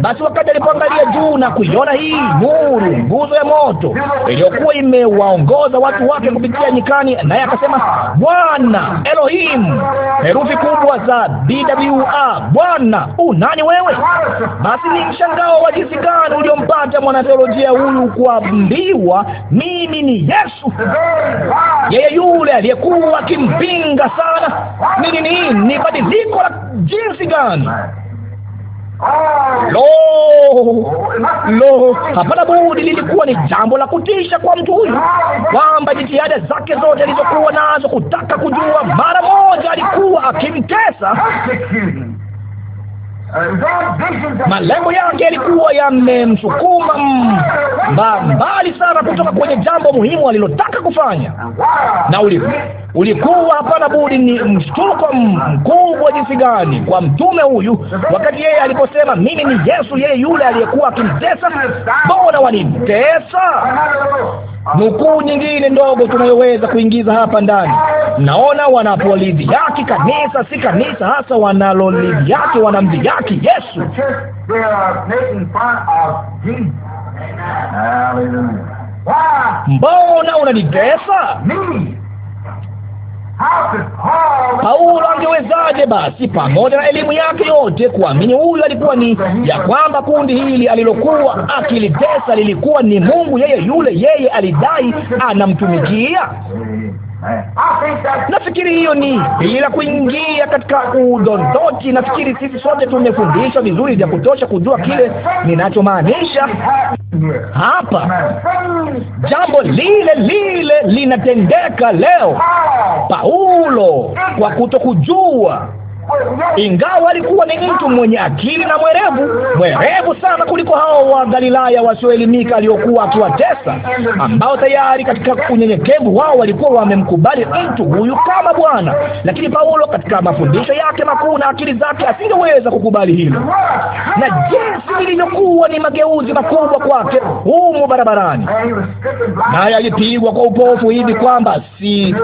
Basi wakati alipoangalia juu na kuiona hii nuru, nguzo ya moto iliyokuwa imewaongoza watu wake kupitia nyikani, naye akasema Bwana Elohim, herufi kubwa za BWA, Bwana u nani wewe? Basi ni mshangao wa jinsi gani uliompata mwanatheolojia huyu kuambiwa mimi ni Yesu, yeye yule aliyekuwa akimpinga sana. Ni nini? Ni badiliko la jinsi gani! Lo, lo, hapana budi, lilikuwa ni jambo la kutisha kwa mtu huyu, kwamba jitihada zake zote alizokuwa nazo kutaka kujua mara moja alikuwa akimtesa malengo yake yalikuwa yamemsukuma mbali sana kutoka kwenye jambo muhimu alilotaka kufanya, na ulikuwa hapana budi ni mshtuko mkubwa jinsi gani kwa mtume huyu, wakati yeye aliposema mimi ni Yesu, yeye yule aliyekuwa akimtesa. Mbona wanitesa? nukuu nyingine ndogo tunayoweza kuingiza hapa ndani. Naona wanapolidhi yake kanisa, si kanisa hasa wanalolidhi yake wanamdhi yake Yesu. Mbona unanitesa? Paulo angewezaje basi, pamoja na elimu yake yote, kuamini huyu alikuwa ni ya kwamba kundi hili alilokuwa akilitesa lilikuwa ni Mungu yeye yule yeye alidai anamtumikia? Nafikiri hiyo ni bila kuingia katika udondoki Nafikiri sisi sote tumefundishwa vizuri vya kutosha kujua kile ninachomaanisha hapa. Jambo lile lile linatendeka leo. Paulo kwa kutokujua ingawa alikuwa ni mtu mwenye akili na mwerevu, mwerevu sana kuliko hao wa Galilaya wasioelimika aliokuwa akiwatesa, ambao tayari katika unyenyekevu wao walikuwa wamemkubali mtu huyu kama Bwana. Lakini Paulo katika mafundisho yake makuu na akili zake asingeweza kukubali hilo, na jinsi lilivyokuwa ni mageuzi makubwa kwake humo barabarani, naye alipigwa kwa upofu hivi kwamba si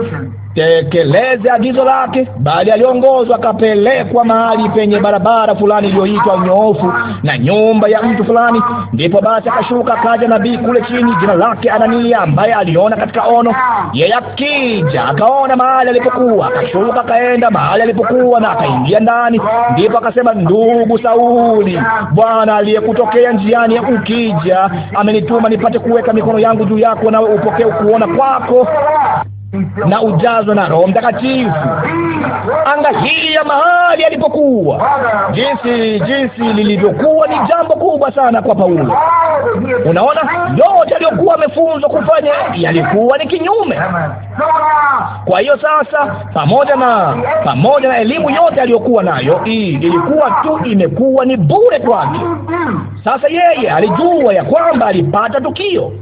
tekeleze agizo lake, bali aliongozwa akapelekwa mahali penye barabara fulani iliyoitwa Nyoofu na nyumba ya mtu fulani. Ndipo basi akashuka akaja nabii kule chini, jina lake Anania, ambaye aliona katika ono. Yeye akija akaona mahali alipokuwa, akashuka akaenda mahali alipokuwa na akaingia ndani. Ndipo akasema, ndugu Sauli, Bwana aliyekutokea njiani ukija amenituma nipate kuweka mikono yangu juu yako, nawe upokee kuona kwako na ujazo na Roho Mtakatifu. Angalia mahali alipokuwa, jinsi jinsi lilivyokuwa ni jambo kubwa sana kwa Paulo. Unaona, yote aliyokuwa amefunzwa kufanya yalikuwa ni kinyume. Kwa hiyo sasa, pamoja na pamoja na elimu yote aliyokuwa nayo, hii ilikuwa tu imekuwa ni bure kwake. Sasa yeye alijua ya kwamba alipata tukio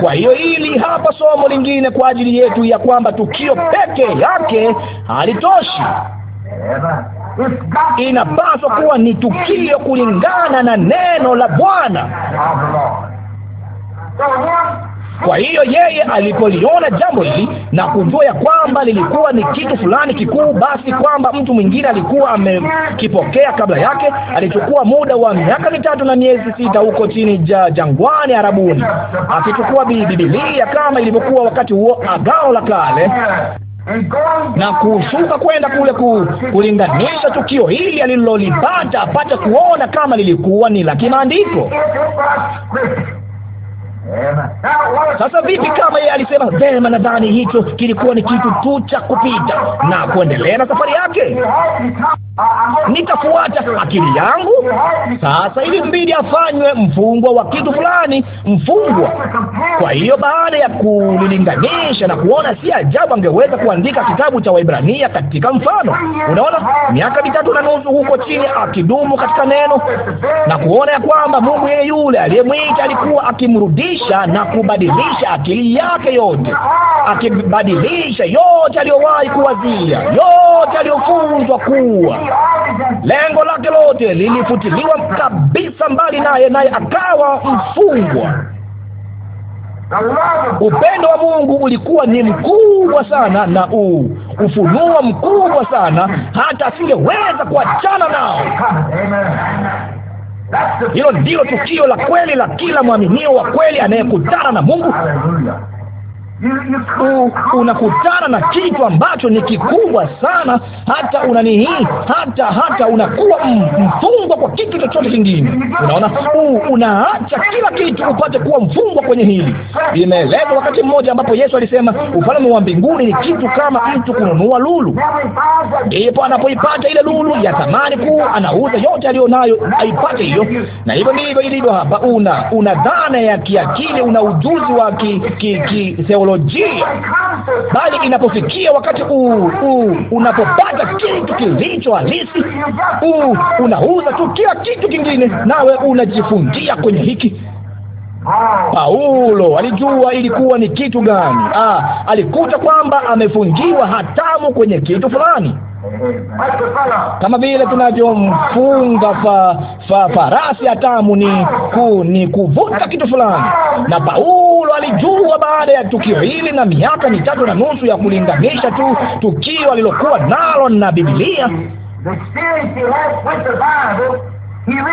kwa hiyo hili hapa somo lingine kwa ajili yetu ya kwamba tukio peke yake halitoshi. Inapaswa kuwa ni tukio kulingana na neno la Bwana. Kwa hiyo yeye alipoliona jambo hili na kujua ya kwamba lilikuwa ni kitu fulani kikuu, basi kwamba mtu mwingine alikuwa amekipokea kabla yake, alichukua muda wa miaka mitatu na miezi sita huko chini ja jangwani Arabuni, akichukua Biblia kama ilivyokuwa wakati huo Agano la Kale na kushuka kwenda kule ku, kulinganisha tukio hili alilolipata apate kuona kama lilikuwa ni la kimaandiko. Sasa vipi kama yeye alisema vema, nadhani hicho kilikuwa ni kitu tu cha kupita na kuendelea na safari yake nitafuata akili yangu. Sasa ili mbidi afanywe mfungwa wa kitu fulani, mfungwa. Kwa hiyo baada ya kulilinganisha na kuona, si ajabu angeweza kuandika kitabu cha Waibrania katika mfano. Unaona, miaka mitatu na nusu huko chini akidumu katika neno na kuona ya kwamba Mungu yeye yule aliyemwita alikuwa akimrudisha na kubadilisha akili yake yote, akibadilisha yote aliyowahi kuwazia, yote aliyofunzwa kuwa lengo lake lote lilifutiliwa kabisa mbali naye, naye akawa mfungwa. Upendo wa Mungu ulikuwa ni mkubwa sana na u ufunuo mkubwa sana hata asingeweza kuachana nao. Hilo ndilo tukio la kweli la kila mwaminio wa kweli anayekutana na Mungu unakutana na kitu ambacho ni kikubwa sana, hata unanihii, hata hata unakuwa mfungwa kwa kitu chochote kingine. Unaona, unaacha kila kitu upate kuwa mfungwa kwenye hili. Imeelezwa wakati mmoja ambapo Yesu alisema ufalme wa mbinguni ni kitu kama mtu kununua lulu. Ndipo anapoipata ile lulu ya thamani kuu, anauza yote aliyonayo aipate hiyo. Na hivyo ndivyo ilivyo hapa. Una una dhana ya kiakili, una ujuzi wa ki, ki, ki teolojia, bali inapofikia wakati u, u, unapopata kitu kilicho halisi, unauza tu kila kitu kingine, nawe unajifungia kwenye hiki. Paulo alijua ilikuwa ni kitu gani. Ah, alikuta kwamba amefungiwa hatamu kwenye kitu fulani kama vile tunavyomfunga fa, fa, farasi tamu ni, ku, ni kuvuta kitu fulani. Na Paulo alijua baada ya tukio hili na miaka mitatu na nusu ya kulinganisha tu tukio alilokuwa nalo na Biblia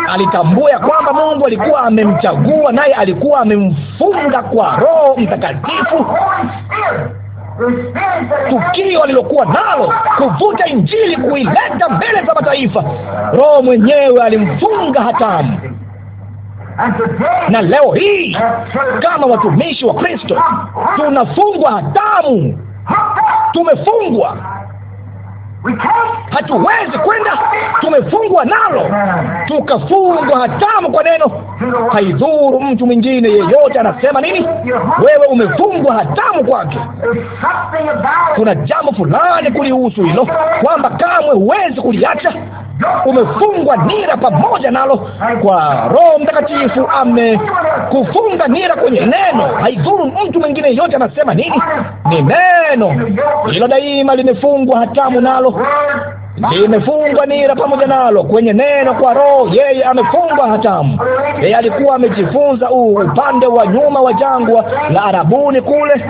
alitambua ya kwamba Mungu alikuwa amemchagua naye alikuwa amemfunga kwa Roho Mtakatifu tukio alilokuwa nalo, kuvuta Injili, kuileta mbele za mataifa. Roho mwenyewe alimfunga hatamu na leo hii kama watumishi wa Kristo tunafungwa hatamu, tumefungwa hatuwezi kwenda, tumefungwa nalo, tukafungwa hatamu kwa neno. Haidhuru mtu mwingine yeyote anasema nini, wewe umefungwa hatamu kwake. Kuna jambo fulani kulihusu hilo, kwamba kamwe huwezi kuliacha umefungwa nira pamoja nalo kwa Roho Mtakatifu, amekufunga nira kwenye neno. Haidhuru mtu mwingine yote anasema nini, ni neno hilo daima limefungwa hatamu nalo limefungwa nira pamoja nalo kwenye neno kwa Roho. Yeye amefungwa hatamu. Yeye alikuwa amejifunza upande wa nyuma wa jangwa la Arabuni kule,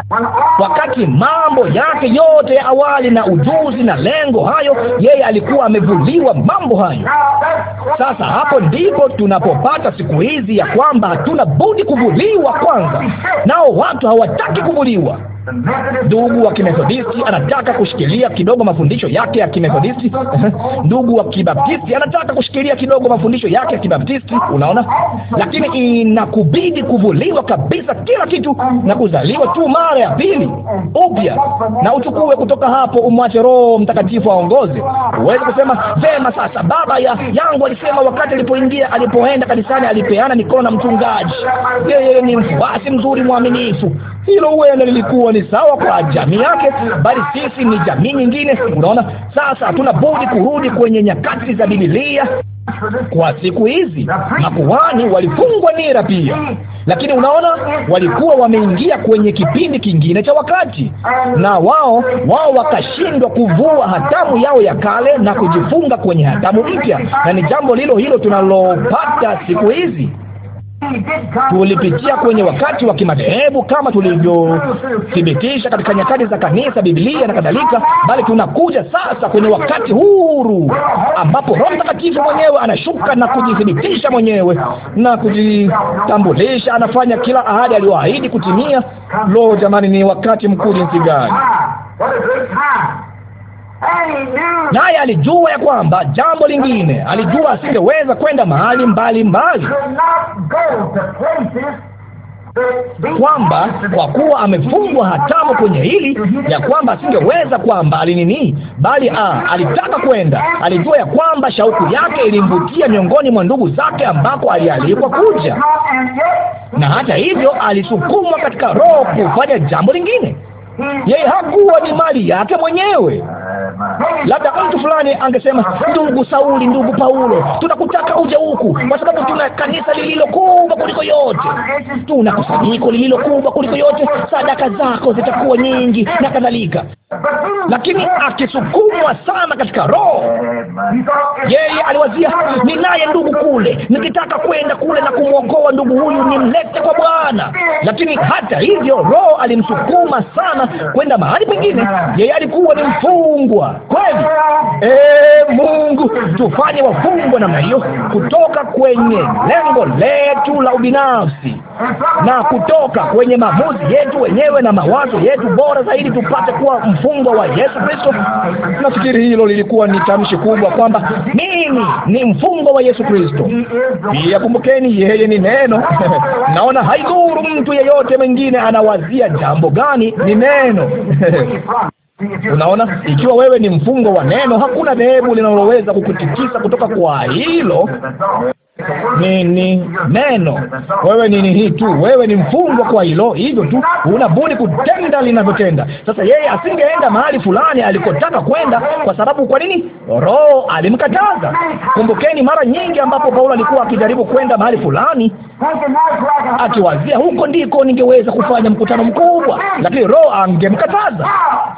wakati mambo yake yote ya awali na ujuzi na lengo hayo, yeye alikuwa amevuliwa mambo hayo. Sasa hapo ndipo tunapopata siku hizi ya kwamba hatuna budi kuvuliwa kwanza, nao watu hawataki kuvuliwa. Ndugu wa Kimethodisti anataka kushikilia kidogo mafundisho yake ya Kimethodisti. Ndugu wa Kibaptisti anataka kushikilia kidogo mafundisho yake ya Kibaptisti. Unaona, lakini inakubidi kuvuliwa kabisa kila kitu na kuzaliwa tu mara ya pili upya, na uchukue kutoka hapo, umwache Roho Mtakatifu aongoze. Huwezi kusema vema, sasa baba ya yangu alisema wakati alipoingia, alipoenda kanisani, alipeana mikono na mchungaji, yeye ni mfuasi mzuri mwaminifu hilo huenda lilikuwa ni sawa kwa jamii yake, bali sisi ni jamii nyingine. Unaona, sasa hatuna budi kurudi kwenye nyakati za Biblia. Kwa siku hizi makuhani walifungwa nira pia, lakini unaona, walikuwa wameingia kwenye kipindi kingine cha wakati, na wao wao wakashindwa kuvua hatamu yao ya kale na kujifunga kwenye hatamu mpya, na ni jambo lilo hilo tunalopata siku hizi. Tulipitia kwenye wakati wa kimadhehebu kama tulivyothibitisha katika nyakati za kanisa, Biblia na kadhalika, bali tunakuja sasa kwenye wakati huru ambapo Roho Mtakatifu mwenyewe anashuka na kujithibitisha mwenyewe na kujitambulisha. Anafanya kila ahadi aliyoahidi kutimia. Lo, jamani, ni wakati mkuu jinsi gani! naye alijua ya kwamba jambo lingine, alijua asingeweza kwenda mahali mbali mbali, kwamba kwa kuwa amefungwa hatamu kwenye hili, ya kwamba asingeweza, kwamba alinini, bali a, alitaka kwenda. Alijua ya kwamba shauku yake ilimvutia miongoni mwa ndugu zake ambako alialikwa kuja, na hata hivyo alisukumwa katika roho kufanya jambo lingine. Yeye hakuwa ni mali yake mwenyewe. Labda mtu fulani angesema, ndugu Sauli, ndugu Paulo, tunakutaka uje huku kwa sababu tuna kanisa lililo kubwa kuliko yote, tuna kusanyiko lililo kubwa kuliko yote, sadaka zako zitakuwa nyingi na kadhalika lakini akisukumwa sana katika roho. Yeye aliwazia ni naye ndugu kule, nikitaka kwenda kule na kumwokoa ndugu huyu nimlete kwa Bwana. Lakini hata hivyo roho alimsukuma sana kwenda mahali pengine. Yeye alikuwa ni mfungwa kweli. E Mungu, tufanye wafungwa namna hiyo kutoka kwenye lengo letu la ubinafsi na kutoka kwenye maamuzi yetu wenyewe na mawazo yetu bora zaidi, tupate kuwa mfungwa wa Yesu Kristo. Nafikiri hilo lilikuwa ni tamshi kubwa kwamba mimi ni mfungwa wa Yesu Kristo. Pia kumbukeni, yeye ni neno. Naona haidhuru mtu yeyote mwingine anawazia jambo gani, ni neno. Unaona, ikiwa wewe ni mfungwa wa neno, hakuna dhehebu linaloweza kukutikisa kutoka kwa hilo ni ni neno. Wewe ni nini tu, wewe ni mfungwa kwa hilo. Hivyo tu una budi kutenda linavyotenda. Sasa yeye asingeenda mahali fulani alikotaka kwenda, kwa sababu kwa nini? Roho alimkataza. Kumbukeni mara nyingi ambapo Paulo alikuwa akijaribu kwenda mahali fulani, akiwazia huko ndiko ningeweza kufanya mkutano mkubwa, lakini Roho angemkataza.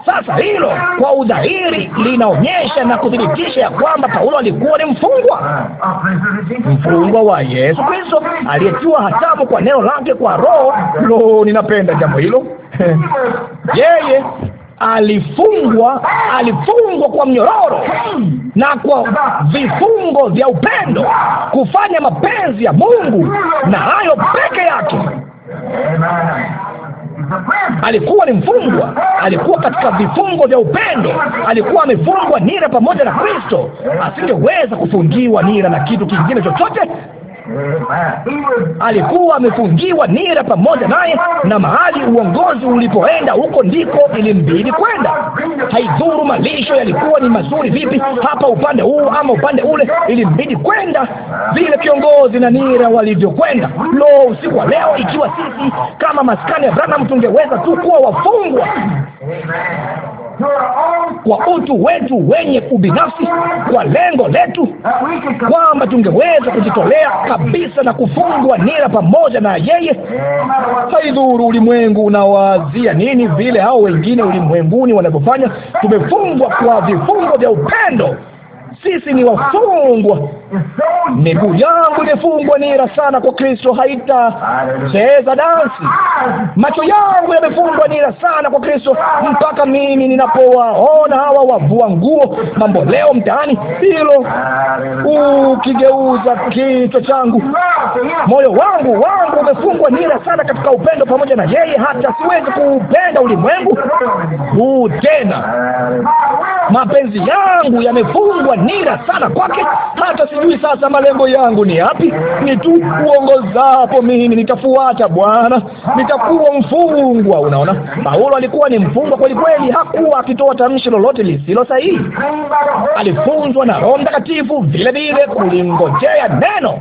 Sasa hilo kwa udhahiri linaonyesha na kuthibitisha ya kwamba Paulo alikuwa ni mfungwa, mfungwa mfungwa wa Yesu Kristo aliyetiwa hatamu kwa neno lake kwa roho. Lo, ninapenda jambo hilo yeye alifungwa alifungwa kwa mnyororo na kwa vifungo vya upendo kufanya mapenzi ya Mungu, na hayo peke yake. Alikuwa ni mfungwa, alikuwa katika vifungo vya upendo, alikuwa amefungwa nira pamoja na Kristo. Asingeweza kufungiwa nira na kitu kingine chochote alikuwa amefungiwa nira pamoja naye, na mahali uongozi ulipoenda huko ndiko ilimbidi kwenda. Haidhuru malisho yalikuwa ni mazuri vipi, hapa upande huu ama upande ule, ilimbidi kwenda vile viongozi na nira walivyokwenda. Lo, usiku wa leo, ikiwa sisi kama maskani ya Branham tungeweza tu kuwa wafungwa kwa utu wetu wenye ubinafsi, kwa lengo letu kwamba tungeweza kujitolea kabisa na kufungwa nira pamoja na yeye. Haidhuru ulimwengu unawaazia nini, vile hao wengine ulimwenguni wanavyofanya. Tumefungwa kwa vifungo vya upendo sisi ni wafungwa. Miguu yangu imefungwa nira sana kwa Kristo, haitacheza dansi. Macho yangu yamefungwa nira sana kwa Kristo, mpaka mimi ninapowaona hawa wavua nguo mambo leo mtaani, hilo ukigeuza kichwa changu, moyo wangu wangu umefungwa nira sana katika upendo pamoja na yeye, hata siwezi kuupenda ulimwengu huu tena. Mapenzi yangu yamefungwa nira sana kwake. Hata sijui sasa malengo yangu ni yapi. Ni tu uongozapo mimi nitafuata Bwana, nitakuwa mfungwa. Unaona, Paulo alikuwa ni mfungwa kweli kweli, hakuwa akitoa tamshi lolote lisilo sahihi. Alifunzwa na Roho Mtakatifu vile vile kulingojea neno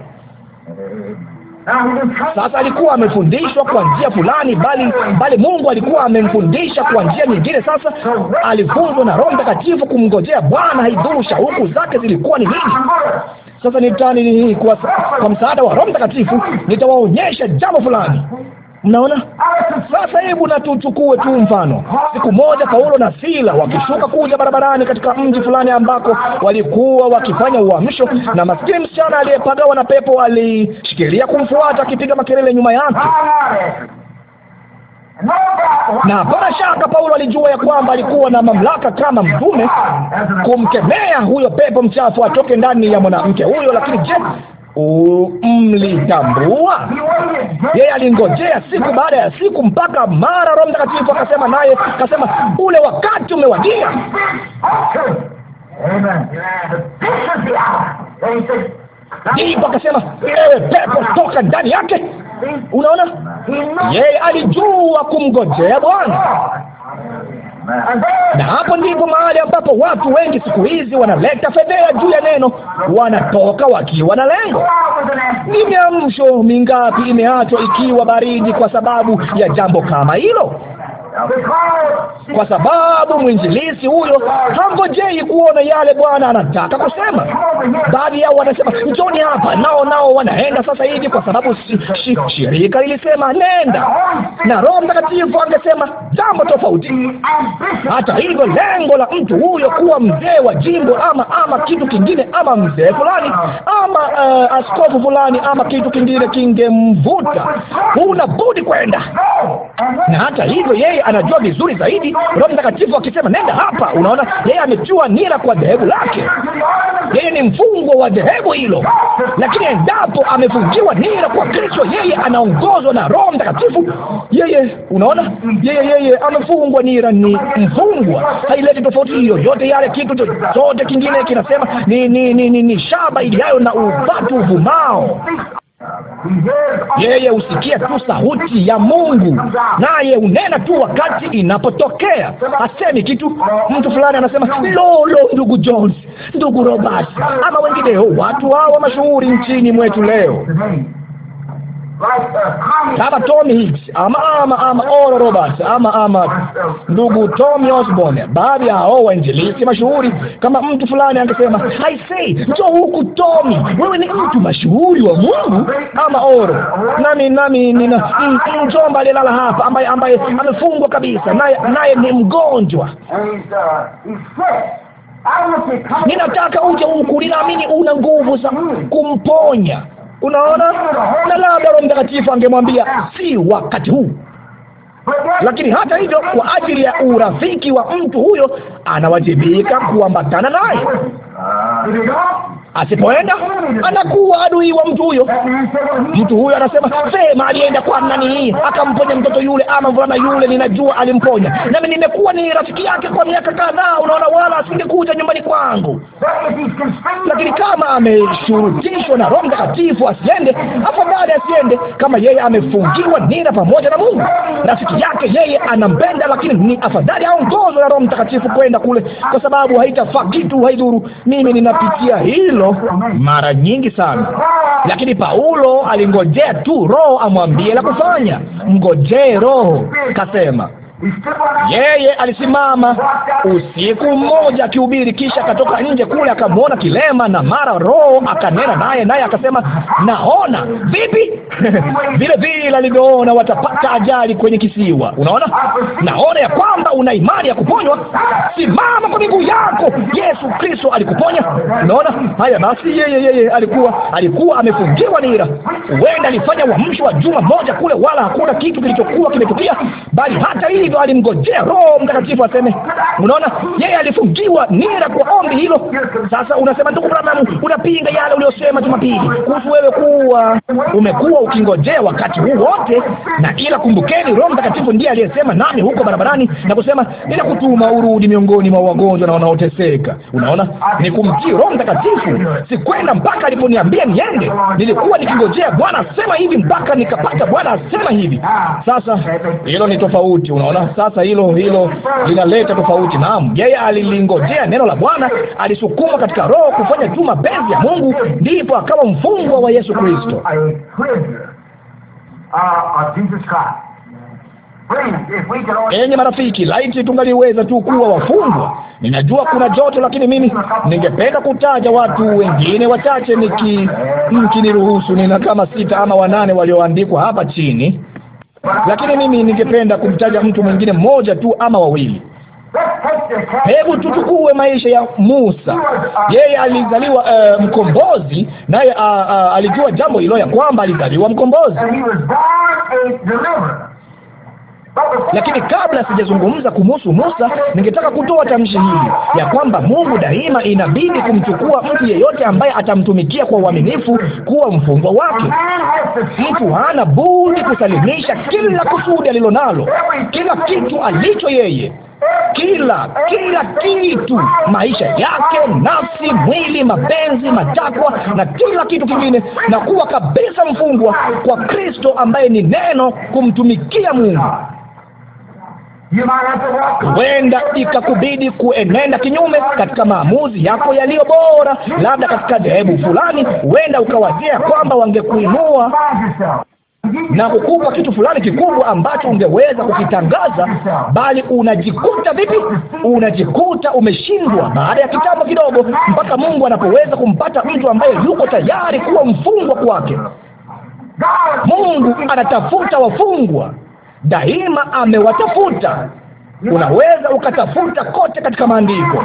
sasa alikuwa amefundishwa kwa njia fulani, bali bali Mungu alikuwa amemfundisha kwa njia nyingine. Sasa alifunzwa na Roho Mtakatifu kumngojea Bwana, haidhuru shauku zake zilikuwa ni nini. Sasa nitani kwa, kwa msaada wa Roho Mtakatifu nitawaonyesha jambo fulani. Mnaona sasa, hebu na tuchukue tu mfano. Siku moja Paulo na Sila wakishuka kuja barabarani katika mji fulani ambako walikuwa wakifanya uamsho, na maskini msichana aliyepagawa na pepo alishikilia kumfuata akipiga makelele nyuma yake na hapana shaka Paulo alijua ya kwamba alikuwa na mamlaka kama mtume kumkemea huyo pepo mchafu atoke ndani ya mwanamke huyo. Lakini je, mlitambua? Yeye alingojea siku baada ya siku mpaka mara Roho Mtakatifu akasema naye, akasema ule wakati umewadia. Ndipo akasema ewe pepo, toka ndani yake. Unaona, yeye alijua kumgojea Bwana. Na hapo ndipo mahali ambapo watu wengi siku hizi wanaleta fedhea juu ya neno, wanatoka wakiwa na lengo. Ni miamsho mingapi imeachwa ikiwa baridi kwa sababu ya jambo kama hilo? kwa sababu mwinjilisi huyo hangojei kuona yale Bwana anataka kusema. Baadhi yao wanasema njoni hapa, nao nao wanaenda sasa hivi, kwa sababu shi, shi, shirika lilisema nenda, na Roho Mtakatifu angesema jambo tofauti. Hata hivyo, lengo la mtu huyo kuwa mzee wa jimbo ama ama kitu kingine ama mzee fulani ama uh, askofu fulani ama kitu kingine kingemvuta, huna budi kwenda, na hata hivyo yeye yeye anajua vizuri zaidi. Roho Mtakatifu akisema nenda hapa, unaona, yeye amejua nira kwa dhehebu lake. Yeye ni mfungwa wa dhehebu hilo, lakini endapo amefungiwa nira kwa Kristo, yeye anaongozwa na Roho Mtakatifu. Yeye unaona, yeye yeye amefungwa nira, ni mfungwa, haileti tofauti yote. yale. Kitu chochote kingine kinasema ni ni ni, ni, ni shaba iliayo na upatu uvumao yeye husikia tu sauti ya Mungu, naye unena tu wakati inapotokea. Asemi kitu. Mtu fulani anasema lolo, ndugu Jones, ndugu Robert, ama wengineo, watu hao mashuhuri nchini mwetu leo kama Tommy Hicks ama ama ama Oral Roberts ama ama ndugu Tommy Osborne, baadhi ya hao wainjilisti mashuhuri. Kama mtu fulani angesema I say, njoo huku Tommy, wewe ni mtu mashuhuri wa Mungu ama oro nami nami nina mjomba aliyelala hapa ambaye ambaye amefungwa kabisa, naye naye ni mgonjwa Ninataka uje huku, ninaamini una nguvu za kumponya. Unaona, na labda Roho Mtakatifu angemwambia si wakati huu, lakini hata hivyo, kwa ajili ya urafiki wa mtu huyo, anawajibika kuambatana naye. Asipoenda anakuwa adui wa mtu huyo. Mtu huyo anasema sema, alienda kwa nani akamponya mtoto yule ama mvulana yule, ninajua alimponya, nami nimekuwa ni rafiki yake kwa miaka kadhaa, unaona, wala asingekuja nyumbani kwangu. Lakini kama ameshurutishwa na Roho Mtakatifu asiende, afadhali asiende. Kama yeye amefungiwa nira pamoja na Mungu, rafiki yake yeye anampenda, lakini ni afadhali aongozwe na Roho Mtakatifu kwenda kule, kwa sababu haitafaa kitu, haidhuru. Mimi ninapitia hilo mara nyingi sana, lakini Paulo alingojea tu Roho amwambie la kufanya. Mngojee Roho, kasema yeye alisimama usiku mmoja akihubiri, kisha akatoka nje kule, akamwona kilema, na mara Roho akanena naye, naye akasema, naona vipi? vile vile alivyoona watapata ajali kwenye kisiwa. Unaona, naona ya kwamba una imani ya kuponywa, simama kwa miguu yako. Yesu Kristo alikuponya. Unaona haya? Basi yeye yeye alikuwa alikuwa amefungiwa nira, huenda alifanya uamsho wa juma moja kule, wala hakuna kitu kilichokuwa kimetukia, bali hata hii hivyo alimgojea Roho Mtakatifu aseme. Unaona, yeye alifungiwa nira kwa ombi hilo. Sasa unasema ndugu Branham, unapinga yale uliyosema Jumapili kuhusu wewe kuwa umekuwa ukingojea wakati huu wote, na ila kumbukeni, Roho Mtakatifu ndiye aliyesema nami huko barabarani na kusema ninakutuma urudi miongoni mwa wagonjwa na wanaoteseka. Unaona, ni kumtii Roho Mtakatifu. Sikwenda mpaka aliponiambia niende, nilikuwa nikingojea Bwana sema hivi mpaka nikapata Bwana asema hivi. Sasa hilo ni tofauti, unaona. Unaona sasa, hilo hilo linaleta tofauti. Naam, yeye alilingojea neno la Bwana, alisukuma katika Roho kufanya tu mapenzi ya Mungu, ndipo akawa mfungwa wa Yesu Kristo. Ah, ah, Enye marafiki, laiti tungaliweza tu kuwa wafungwa. Ninajua kuna joto, lakini mimi ningependa kutaja watu wengine wachache, niki mkiniruhusu. Nina kama sita ama wanane walioandikwa hapa chini lakini mimi ningependa kumtaja mtu mwingine mmoja tu ama wawili. Hebu tuchukue maisha ya Musa. Yeye alizaliwa uh, mkombozi, naye uh, uh, alijua jambo hilo ya kwamba alizaliwa mkombozi lakini kabla sijazungumza kumhusu Musa, ningetaka kutoa tamshi hili ya kwamba Mungu daima inabidi kumchukua mtu yeyote ambaye atamtumikia kwa uaminifu kuwa mfungwa wake. Mtu hana budi kusalimisha kila kusudi alilonalo, kila kitu alicho yeye kila kila kitu, maisha yake, nafsi, mwili, mapenzi, matakwa na kila kitu kingine, na kuwa kabisa mfungwa kwa Kristo, ambaye ni neno, kumtumikia Mungu huenda ikakubidi kuenenda kinyume katika maamuzi yako yaliyo bora, labda katika dhehebu fulani. Huenda ukawazia kwamba wangekuinua na kukupa kitu fulani kikubwa ambacho ungeweza kukitangaza, bali unajikuta vipi? Unajikuta umeshindwa baada ya kitambo kidogo, mpaka Mungu anapoweza kumpata mtu ambaye yuko tayari kuwa mfungwa kwake. Mungu anatafuta wafungwa daima amewatafuta. Unaweza ukatafuta kote katika maandiko.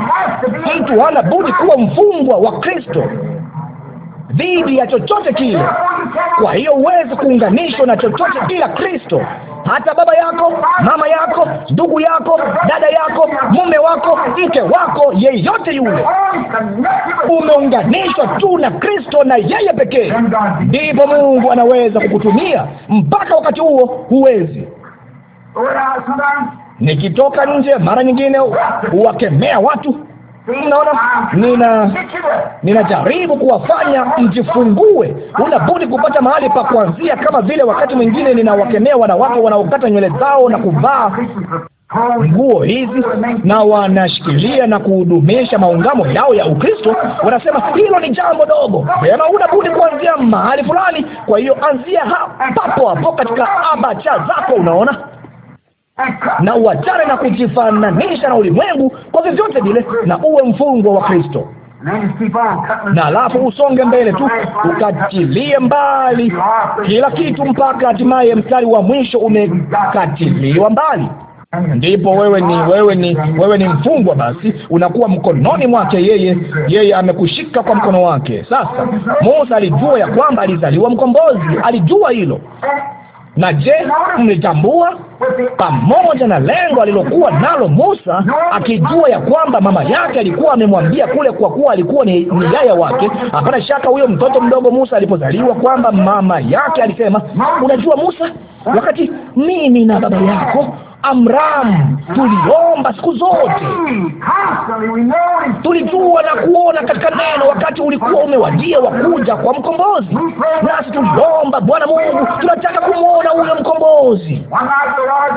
Mtu hana budi kuwa mfungwa wa Kristo dhidi ya chochote kile. Kwa hiyo huwezi kuunganishwa na chochote bila Kristo. Hata baba yako, mama yako, ndugu yako, dada yako, mume wako, mke wako, yeyote yule, umeunganishwa tu na Kristo na yeye pekee. Ndipo Mungu anaweza kukutumia. Mpaka wakati huo huwezi nikitoka nje mara nyingine huwakemea watu. Mnaona, nina ninajaribu kuwafanya mjifungue. Una budi kupata mahali pa kuanzia, kama vile wakati mwingine ninawakemea wanawake wanaokata nywele zao na kuvaa nguo hizi na wanashikilia na kuhudumisha maungamo yao ya Ukristo. Wanasema hilo ni jambo dogo. Vyema, una budi kuanzia mahali fulani. Kwa hiyo anzia hapo hapo katika abacha zako, unaona na uachane na kujifananisha na ulimwengu kwa vyovyote vile, na uwe mfungwa wa Kristo na alafu usonge mbele tu ukatilie mbali kila kitu mpaka hatimaye mstari wa mwisho umekatiliwa mbali, ndipo wewe ni wewe ni wewe ni mfungwa. Basi unakuwa mkononi mwake yeye, yeye amekushika kwa mkono wake. Sasa Musa alijua ya kwamba alizaliwa mkombozi, alijua hilo na je, mlitambua pamoja na lengo alilokuwa nalo Musa, akijua ya kwamba mama yake alikuwa amemwambia kule, kwa kuwa alikuwa ni, ni yaya wake. Hapana shaka huyo mtoto mdogo Musa alipozaliwa, kwamba mama yake alisema, unajua Musa, wakati mimi na baba yako Amram, tuliomba siku zote, tulijua na kuona katika neno, wakati ulikuwa umewadia wa kuja kwa mkombozi, nasi tuliomba Bwana Mungu, tunataka kumwona huyo mkombozi.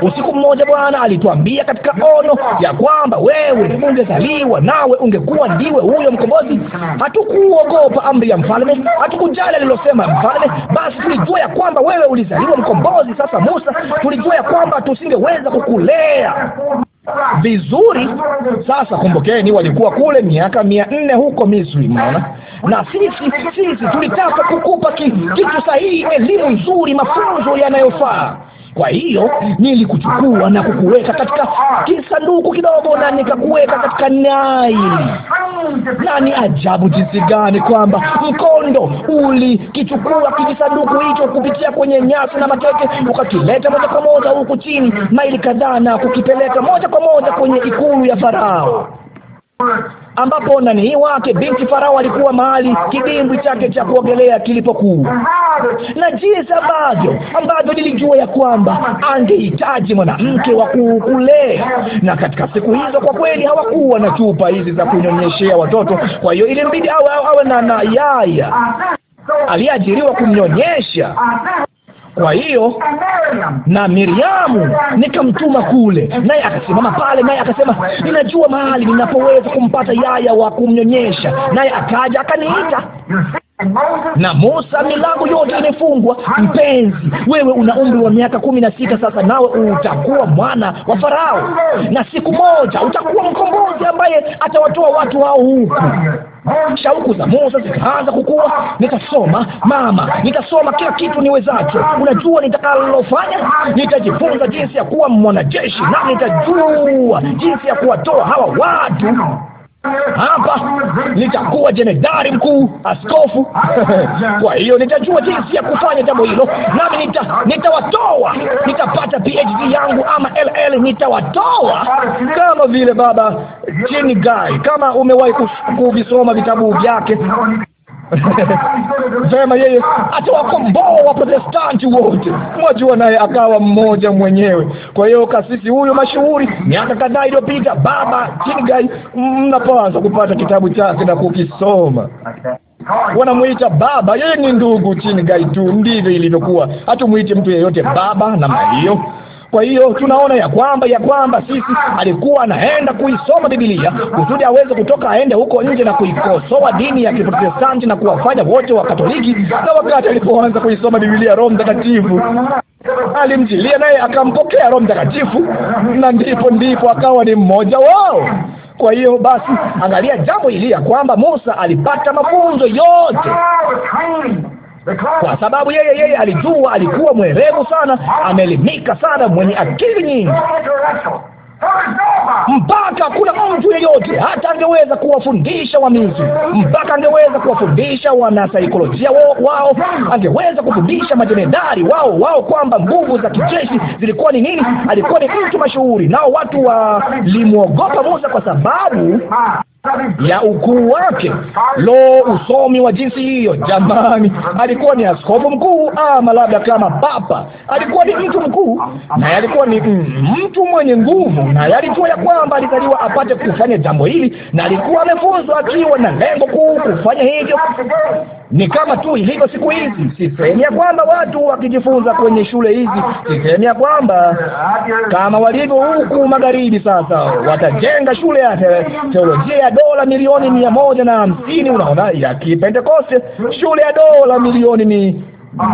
Usiku mmoja Bwana alituambia katika ono ya kwamba wewe ungezaliwa nawe ungekuwa ndiwe huyo mkombozi. Hatukuogopa amri ya mfalme, hatukujali alilosema mfalme. Basi tulijua ya kwamba wewe ulizaliwa mkombozi. Sasa Musa, tulijua ya kwamba tusingeweza kukulea vizuri. Sasa kumbukeni, walikuwa kule miaka mia nne huko Misri, mnaona na sisi sisi tulitaka kukupa kitu sahihi, elimu nzuri, mafunzo yanayofaa. Kwa hiyo nilikuchukua na kukuweka katika kisanduku kidogo na nikakuweka katika Naili. Na ni ajabu jinsi gani kwamba mkondo ulikichukua kijisanduku hicho kupitia kwenye nyasi na mateke, ukakileta moja kwa moja huku chini maili kadhaa, na kukipeleka moja kwa moja kwenye ikulu ya Farao ambapo hii wake binti Farao alikuwa mahali kidimbwi chake cha kuogelea kilipokuwa, na jinsi ambavyo ambavyo nilijua ya kwamba angehitaji mwanamke wa kukulea. Na katika siku hizo kwa kweli hawakuwa na chupa hizi za kunyonyeshea watoto, kwa hiyo ilimbidi awe awe na na yaya aliyeajiriwa kumnyonyesha. Kwa hiyo na Miriamu nikamtuma kule, naye akasimama pale, naye akasema, ninajua mahali ninapoweza kumpata yaya wa kumnyonyesha, naye akaja akaniita na Musa, milango yote imefungwa. Mpenzi, wewe una umri wa miaka kumi na sita sasa, nawe utakuwa mwana wa Farao, na siku moja utakuwa mkombozi ambaye atawatoa watu hao huku Shauku za Musa zikaanza kukua. Nitasoma mama, nitasoma kila kitu niwezacho. Unajua nitakalofanya? Nitajifunza jinsi ya kuwa mwanajeshi na nitajua jinsi ya kuwatoa hawa watu hapa nitakuwa jemedari mkuu, askofu kwa hiyo nitajua jinsi ya kufanya jambo hilo, nami nita, nitawatoa nitapata PhD yangu ama LL, nitawatoa kama vile baba Jini Gai, kama umewahi kuvisoma vitabu vyake Vema, yeye atawakomboa Waprotestanti wote, mwajua, naye akawa mmoja mwenyewe. Kwa hiyo kasisi huyo mashuhuri miaka kadhaa iliyopita, Baba Kinigai, mnapaswa kupata kitabu chake na kukisoma. Wanamwita baba, yeye ni ndugu chini gai tu. Ndivyo ilivyokuwa, hatumwite mtu yeyote baba namna hiyo. Kwa hiyo tunaona ya kwamba ya kwamba sisi alikuwa anaenda kuisoma Biblia kusudi aweze kutoka aende huko nje na kuikosoa dini ya Kiprotestanti na kuwafanya wote wa Katoliki. Na wakati alipoanza kuisoma Biblia, Roho Mtakatifu alimjilia naye akampokea Roho Mtakatifu, na ndipo ndipo akawa ni mmoja wao. Kwa hiyo basi, angalia jambo hili ya kwamba Musa alipata mafunzo yote kwa sababu yeye yeye alijua alikuwa mwerevu sana, ameelimika sana, mwenye akili nyingi mpaka kuna mtu yeyote hata angeweza kuwafundisha wamizi, mpaka angeweza kuwafundisha wanasaikolojia wao, wao angeweza kufundisha majemedari wao wao kwamba nguvu za kijeshi zilikuwa ni nini. Alikuwa ni mtu mashuhuri, nao watu walimwogopa Musa kwa sababu ya ukuu wake. Lo, usomi wa jinsi hiyo jamani! Alikuwa ni askofu mkuu, ama labda kama papa. Alikuwa ni mtu mkuu, naye alikuwa ni mtu mwenye nguvu, naye alijua ya kwamba alizaliwa apate kufanya jambo hili, na alikuwa amefunzwa akiwa na lengo kuu kufanya hivyo ni kama tu ilivyo siku hizi. Sisemi ya kwamba watu wakijifunza kwenye shule hizi, sisemi ya kwamba kama walivyo huku magharibi sasa watajenga shule ya teolojia ya dola milioni mia moja na hamsini, unaona, ya Kipentekoste, shule ya dola milioni mi,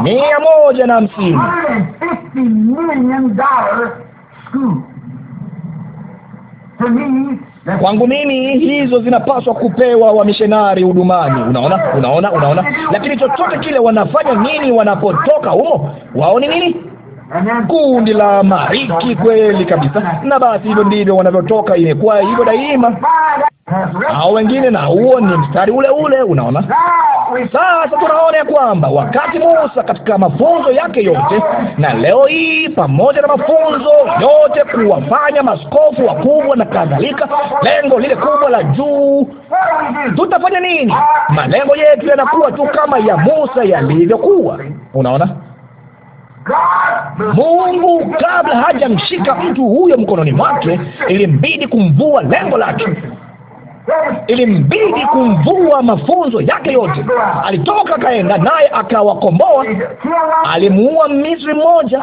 mia moja na hamsini Kwangu mimi hizo zinapaswa kupewa wamishonari hudumani. Unaona, unaona, unaona. Lakini chochote kile wanafanya nini wanapotoka humo, wao ni nini? Kundi la mariki, kweli kabisa. Na basi hivyo ndivyo wanavyotoka, imekuwa hivyo daima. Hao wengine, na huo ni mstari ule ule, unaona sasa tunaona ya kwamba wakati Musa katika mafunzo yake yote na leo hii pamoja na mafunzo yote kuwafanya maskofu wakubwa na kadhalika, lengo lile kubwa la juu, tutafanya nini? Malengo yetu yanakuwa tu kama ya Musa yalivyokuwa. Unaona, Mungu kabla hajamshika mtu huyo mkononi mwake, ilimbidi kumvua lengo lake Ilimbidi kumvua mafunzo yake yote. Alitoka kaenda, naye akawakomboa. Alimuua Misri mmoja,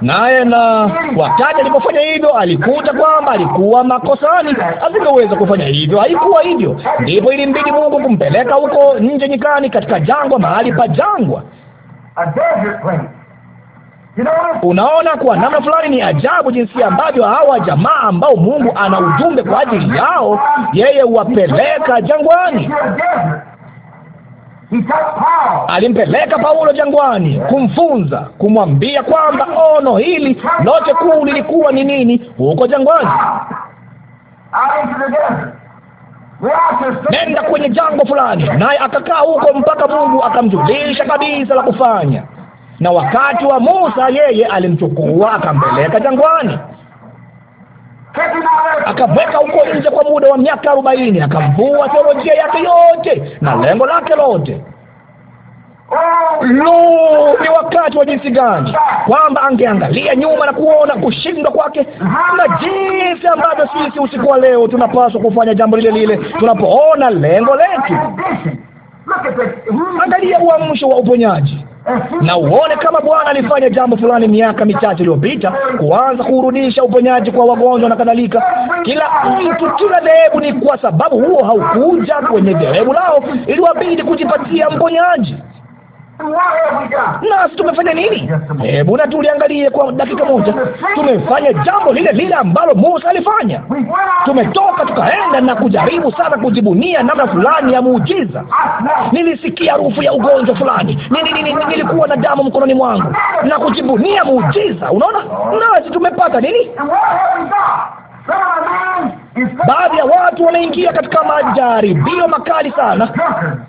naye na wakati alipofanya hivyo alikuta kwamba alikuwa makosani, asingeweza kufanya hivyo, haikuwa hivyo. Ndipo ilimbidi Mungu kumpeleka huko nje nyikani, katika jangwa, mahali pa jangwa Unaona, kwa namna fulani ni ajabu jinsi ambavyo hawa jamaa ambao Mungu ana ujumbe kwa ajili yao, yeye huwapeleka jangwani. Alimpeleka Paulo jangwani kumfunza, kumwambia kwamba ono hili lote kuu lilikuwa ni nini huko jangwani. Nenda kwenye jango fulani, naye akakaa huko mpaka Mungu akamjulisha kabisa la kufanya na wakati wa Musa yeye alimchukua akampeleka jangwani akamweka huko nje kwa muda wa miaka arobaini, akamvua teolojia yake yote na lengo lake lote. Lo, ni wakati wa jinsi gani kwamba angeangalia nyuma na kuona kushindwa kwake na jinsi ambavyo sisi usiku wa leo tunapaswa kufanya jambo lile lile tunapoona lengo letu. Angalia uamsho wa uponyaji na uone kama Bwana alifanya jambo fulani miaka michache iliyopita, kuanza kurudisha uponyaji kwa wagonjwa na kadhalika. Kila mtu, kila dhehebu, ni kwa sababu huo haukuja kwenye dhehebu lao, iliwabidi kujipatia mponyaji nasi tumefanya nini? Hebu na tuliangalie kwa dakika moja. Tumefanya jambo lile lile ambalo Musa alifanya. Tumetoka tukaenda na kujaribu sana kujibunia namna fulani ya muujiza. Nilisikia harufu ya ugonjwa fulani, nilikuwa na damu mkononi mwangu na kujibunia muujiza. Unaona, nasi tumepata nini? Baadhi ya watu wanaingia katika majaribio makali sana,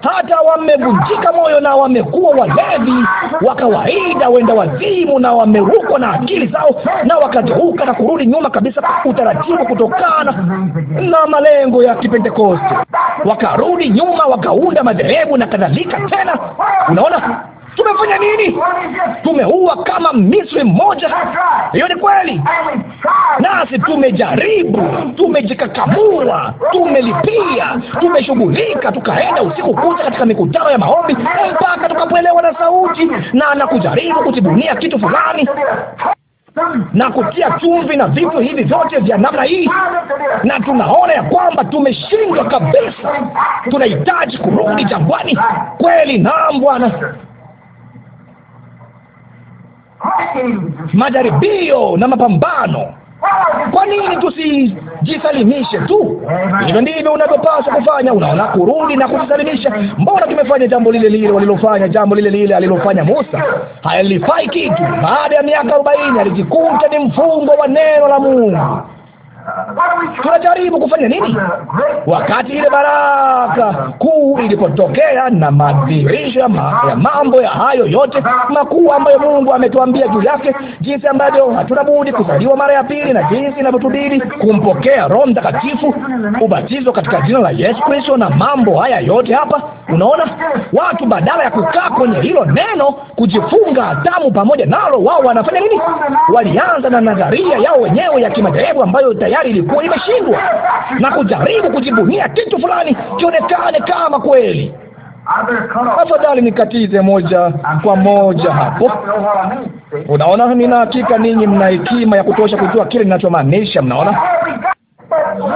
hata wamevunjika moyo na wamekuwa walevi wa kawaida, wenda wazimu, na wamerukwa na akili zao na wakageuka na kurudi nyuma kabisa utaratibu, kutokana na malengo ya Kipentekoste, wakarudi nyuma, wakaunda madhehebu na kadhalika. Tena unaona tumefanya nini? Tumeua kama Misri mmoja. Hiyo ni kweli, nasi tumejaribu, tumejikakamua, tumelipia, tumeshughulika, tukaenda usiku kucha katika mikutano ya maombi mpaka tukapoelewa na sauti na na kujaribu kutibunia kitu fulani na kutia chumvi na vitu hivi vyote vya namna hii, na tunaona ya kwamba tumeshindwa kabisa. Tunahitaji kurudi jangwani kweli. Naam Bwana majaribio na mapambano. Kwa nini tusijisalimishe tu? Hivyo ndivyo unavyopaswa kufanya. Unaona, kurudi na kujisalimisha. Mbona tumefanya jambo lile lile walilofanya, jambo lile lile alilofanya Musa? Halifai kitu. Baada ya miaka arobaini alijikuta ni mfungwa wa neno la Mungu tunajaribu kufanya nini? Wakati ile baraka kuu ilipotokea na madhirisha ma, ya mambo ya hayo yote makuu ambayo Mungu ametuambia juu yake, jinsi ambavyo hatuna budi kuzaliwa mara ya pili na jinsi inavyotubidi kumpokea Roho Mtakatifu, ubatizo katika jina la Yesu Kristo na mambo haya yote hapa. Unaona, watu badala ya kukaa kwenye hilo neno, kujifunga Adamu pamoja nalo, wao wanafanya nini? Walianza na nadharia yao wenyewe ya kimadhehebu ambayo tayari ilikuwa imeshindwa, na kujaribu kujibunia kitu fulani kionekane kama kweli. Afadhali nikatize moja kwa moja hapo. Unaona, nina hakika ninyi mna hekima ya kutosha kujua kile ninachomaanisha. Mnaona,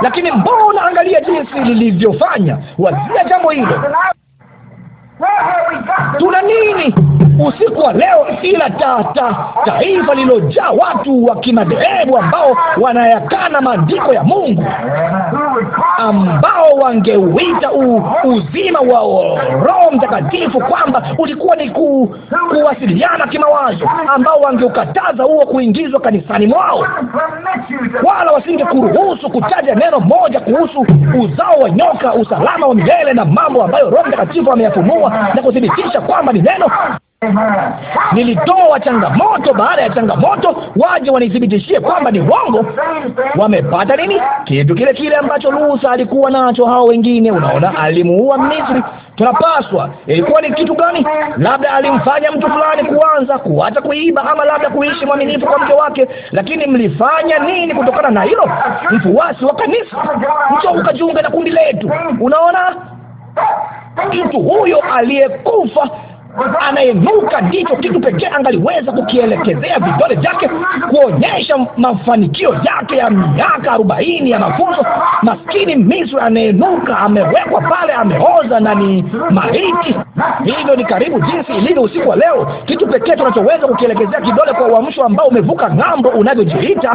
lakini mbona, angalia jinsi lilivyofanya. Wazia jambo hilo. Tuna nini usiku wa leo ila ta, ta, taifa lililojaa watu wa kimadhehebu ambao wanayakana maandiko ya Mungu, ambao wangeuita uzima wa Roho Mtakatifu kwamba ulikuwa ni ku, kuwasiliana kimawazo, ambao wangeukataza huo kuingizwa kanisani mwao, wala wasingekuruhusu kutaja neno moja kuhusu uzao wa nyoka, usalama wa milele na mambo ambayo Roho Mtakatifu ameyafunua kulikomboa na kuthibitisha kwamba ni neno. Nilitoa changamoto baada ya changamoto, waje wanithibitishie kwamba ni wongo Wamepata nini? Kitu kile kile ambacho Musa alikuwa nacho. Hao wengine, unaona, alimuua Misri. Tunapaswa, ilikuwa ni kitu gani? Labda alimfanya mtu fulani kuanza kuacha kuiba, ama labda kuishi mwaminifu kwa mke wake. Lakini mlifanya nini kutokana na hilo? Mfuasi wa kanisa mcho ukajiunga na kundi letu, unaona Mtu huyo aliyekufa anayenuka ndicho kitu pekee angaliweza kukielekezea vidole vyake kuonyesha mafanikio yake ya miaka arobaini ya mafunzo. Maskini Misri anaenuka amewekwa pale, ameoza na ni maiti. Hivyo ni karibu jinsi ilivyo usiku wa leo. Kitu pekee tunachoweza kukielekezea kidole kwa uamsho ambao umevuka ng'ambo unavyojiita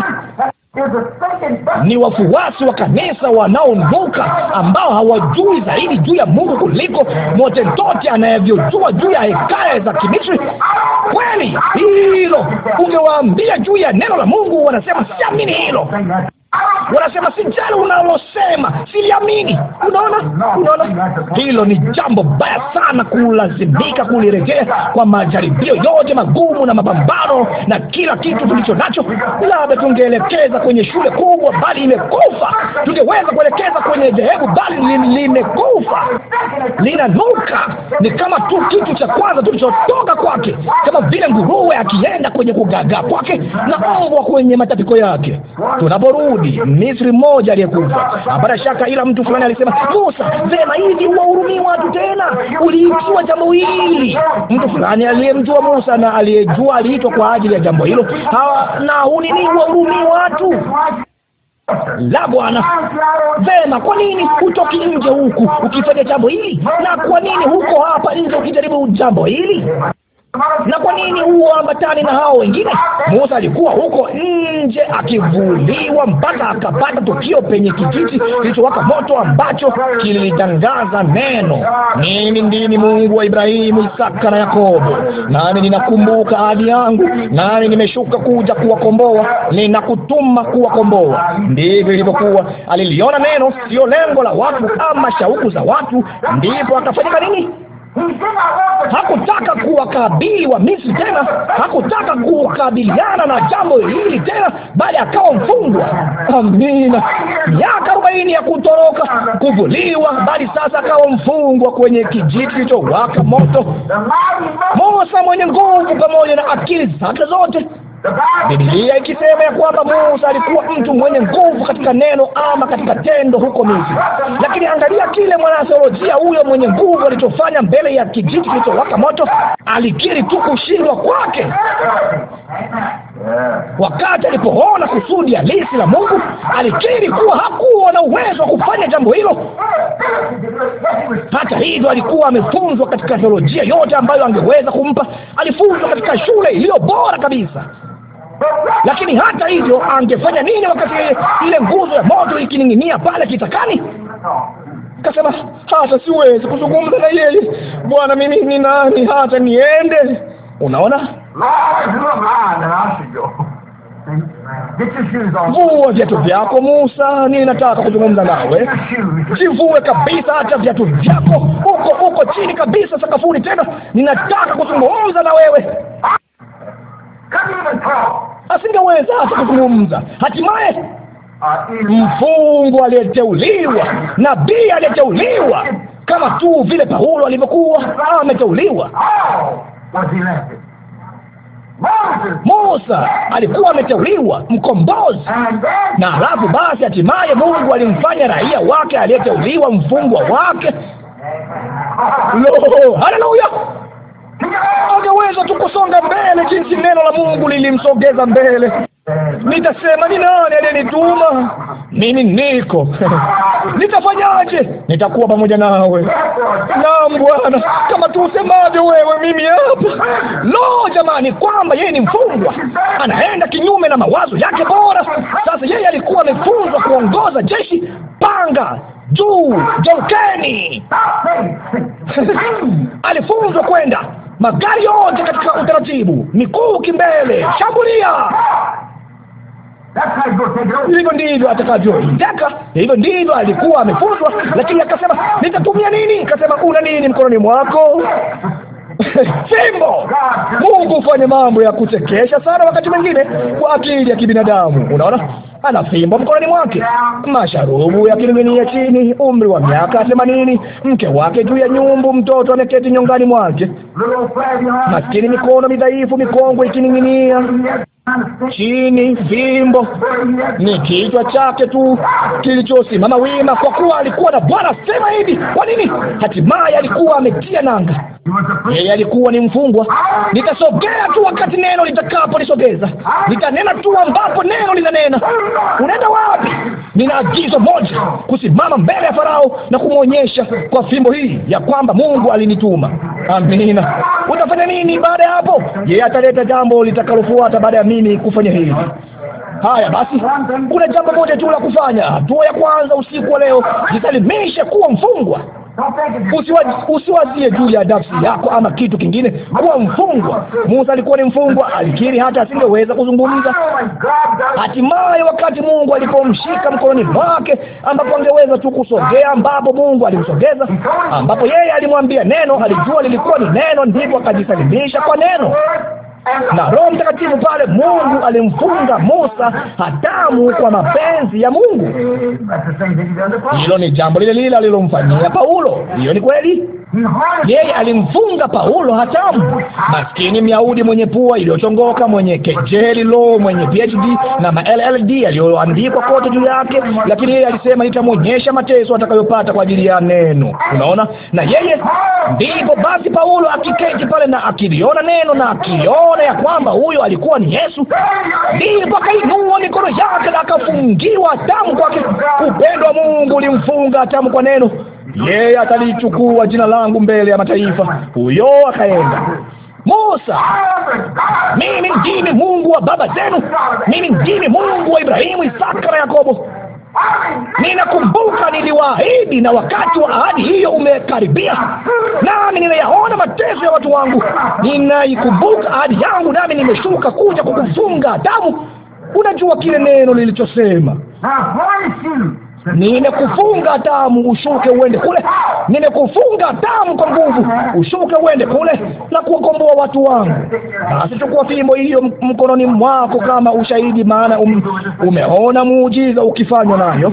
ni wafuasi wa kanisa wanaonuka ambao hawajui zaidi juu ya Mungu kuliko motentoti anavyojua juu ya hekaya za Kimisri. Kweli hilo, ungewaambia juu ya ya neno la Mungu wanasema siamini hilo wanasema sijali unalosema, siliamini. Unaona, unaona, hilo ni jambo baya sana, kulazimika kulirejea kwa majaribio yote magumu na mapambano na kila kitu tulicho nacho. Labda tungeelekeza kwenye shule kubwa, bali imekufa. Tungeweza kuelekeza kwenye dhehebu, bali limekufa, linanuka. Ni kama tu kitu cha kwanza tulichotoka kwake, kama vile nguruwe akienda kwenye kugagaa kwake na mbwa kwenye matapiko yake. Tunaporudi Misri mmoja aliyekufa hapana shaka, ila mtu fulani alisema, Musa, vema hivi uwahurumii watu tena? uliitiwa jambo hili? Mtu fulani aliyemjua Musa na aliyejua aliitwa kwa ajili ya jambo hilo. Hawa na huni ni uwahurumii watu la Bwana. Vema, kwa nini hutoki nje huku ukifanya jambo hili, na kwa nini huko hapa nje ukijaribu jambo hili? na kwa nini huo ambatani na hao wengine? Musa alikuwa huko nje akivuliwa mpaka akapata tukio penye kijiti kilichowaka moto ambacho kilitangaza neno, mimi ndini Mungu wa Ibrahimu, Isaka na Yakobo, nami ninakumbuka ahadi yangu, nami nimeshuka kuja kuwakomboa, ninakutuma kuwakomboa. Ndivyo ilivyokuwa. Aliliona neno, sio lengo la watu ama shauku za watu, ndipo akafanyika nini? Hakutaka kuwakabili wa Misri tena, hakutaka kukabiliana na jambo hili tena, bali akawa mfungwa. Amina, miaka arobaini ya kutoroka, kuvuliwa, bali sasa akawa mfungwa kwenye kijiti kilichowaka moto. Musa mwenye nguvu pamoja na akili zake zote Biblia ikisema ya kwamba Musa alikuwa mtu mwenye nguvu katika neno ama katika tendo huko Misri, lakini angalia kile mwanatheolojia huyo mwenye nguvu alichofanya mbele ya kijiji kilichowaka moto. Alikiri tu kushindwa kwake wakati alipoona kusudi halisi la Mungu. Alikiri kuwa hakuwa na uwezo wa kufanya jambo hilo. Hata hivyo, alikuwa amefunzwa katika theolojia yote ambayo angeweza kumpa. Alifunzwa katika shule iliyo bora kabisa. Lakini hata hivyo, angefanya nini wakati ile nguzo ya moto ikining'inia pale kitakani? Kasema, hata siwezi kuzungumza na yeye. Bwana, mimi ni nani hata niende? Unaona, vua viatu vyako Musa, ninataka kuzungumza nawe. Jivue kabisa hata viatu vyako, uko uko chini kabisa sakafuni. Tena ninataka kuzungumza na wewe asingeweza hata kuzungumza. Hatimaye mfungwa aliyeteuliwa, nabii aliyeteuliwa, kama tu vile Paulo alivyokuwa ameteuliwa. Musa alikuwa ameteuliwa mkombozi, na alafu basi, hatimaye Mungu alimfanya raia wake aliyeteuliwa, mfungwa wake. Lo, haleluya! angeweza tu kusonga mbele jinsi neno la Mungu lilimsogeza mbele. Nitasema, ni nani aliyenituma? Mimi niko nitafanyaje? Nitakuwa pamoja nawe. Naam Bwana, kama tu usemavyo wewe, mimi hapa. Lo, jamani, kwamba yeye ni mfungwa, anaenda kinyume na mawazo yake bora. Sasa yeye alikuwa amefunzwa kuongoza jeshi, panga juu, geukeni alifunzwa kwenda magari yote katika utaratibu, mikuu kimbele, shambulia. Hivyo ndivyo atakavyoitaka, hivyo ndivyo alikuwa amefutwa. Lakini akasema nitatumia nini? Akasema una nini mkononi mwako? Fimbo. Mungu hufanya mambo ya kuchekesha sana wakati mwingine kwa akili ya kibinadamu. Unaona, ana fimbo mkononi mwake, masharubu yakimiminia chini, umri wa miaka themanini, mke wake juu ya nyumbu, mtoto ameketi nyongani mwake, maskini, mikono midhaifu, mikongwe ikining'inia chini vimbo ni kichwa chake tu kilichosimama wima, kwa kuwa alikuwa na Bwana. Sema hivi, kwa nini? Hatimaye alikuwa ametia nanga. Yeye alikuwa ni mfungwa. Nitasogea tu wakati neno litakaponisogeza, nitanena tu ambapo neno linanena. Unaenda wapi? Nina agizo moja, kusimama mbele ya Farao na kumwonyesha kwa fimbo hii ya kwamba Mungu alinituma. Amina. Utafanya nini baada ya hapo? Yeye ataleta jambo litakalofuata baada ya mimi kufanya hivi. Haya basi, kuna jambo moja tu la kufanya. Hatua ya kwanza usiku wa leo, jisalimishe kuwa mfungwa. Usiwazie juu ya nafsi yako ama kitu kingine. Kuwa mfungwa. Musa alikuwa ni mfungwa, alikiri hata asingeweza kuzungumza. Hatimaye wakati Mungu alipomshika mkononi mwake, ambapo angeweza tu kusogea, ambapo Mungu alimsogeza, ambapo yeye alimwambia neno, alijua lilikuwa ni neno, ndivyo akajisalimisha kwa neno na Roho Mtakatifu pale Mungu alimfunga Musa hatamu kwa mapenzi ya Mungu. Hilo ni jambo lile lile alilomfanyia Paulo. Hiyo ni kweli. Yeye alimfunga Paulo hatamu, maskini Myahudi mwenye pua iliyochongoka, mwenye kejeli, lo, mwenye PhD na ma LLD yaliyoandikwa kote juu yake, lakini yeye alisema nitamwonyesha mateso atakayopata kwa ajili ya neno. Unaona, na yeye ndipo basi Paulo akiketi pale na akiliona neno na akiona alipoona ya kwamba huyo alikuwa ni Yesu, ndipo akainua mikono yake na akafungiwa damu kwake. Upendo wa Mungu ulimfunga damu kwa neno, yeye atalichukua jina langu mbele ya mataifa. Huyo akaenda Musa, mimi ndimi Mungu wa baba zenu, mimi ndimi Mungu wa Ibrahimu, Isaka na Yakobo. Ninakumbuka niliwaahidi, na wakati wa ahadi hiyo umekaribia, nami ninayaona mateso ya watu wangu. Ninaikumbuka ahadi yangu, nami nimeshuka kuja kukufunga Adamu. Unajua kile neno lilichosema Nimekufunga damu ushuke uende kule, nimekufunga damu kwa nguvu ushuke uende kule na kuwakomboa watu wangu. Basi chukua fimbo hiyo mkononi mwako kama ushahidi, maana um, umeona muujiza ukifanywa nayo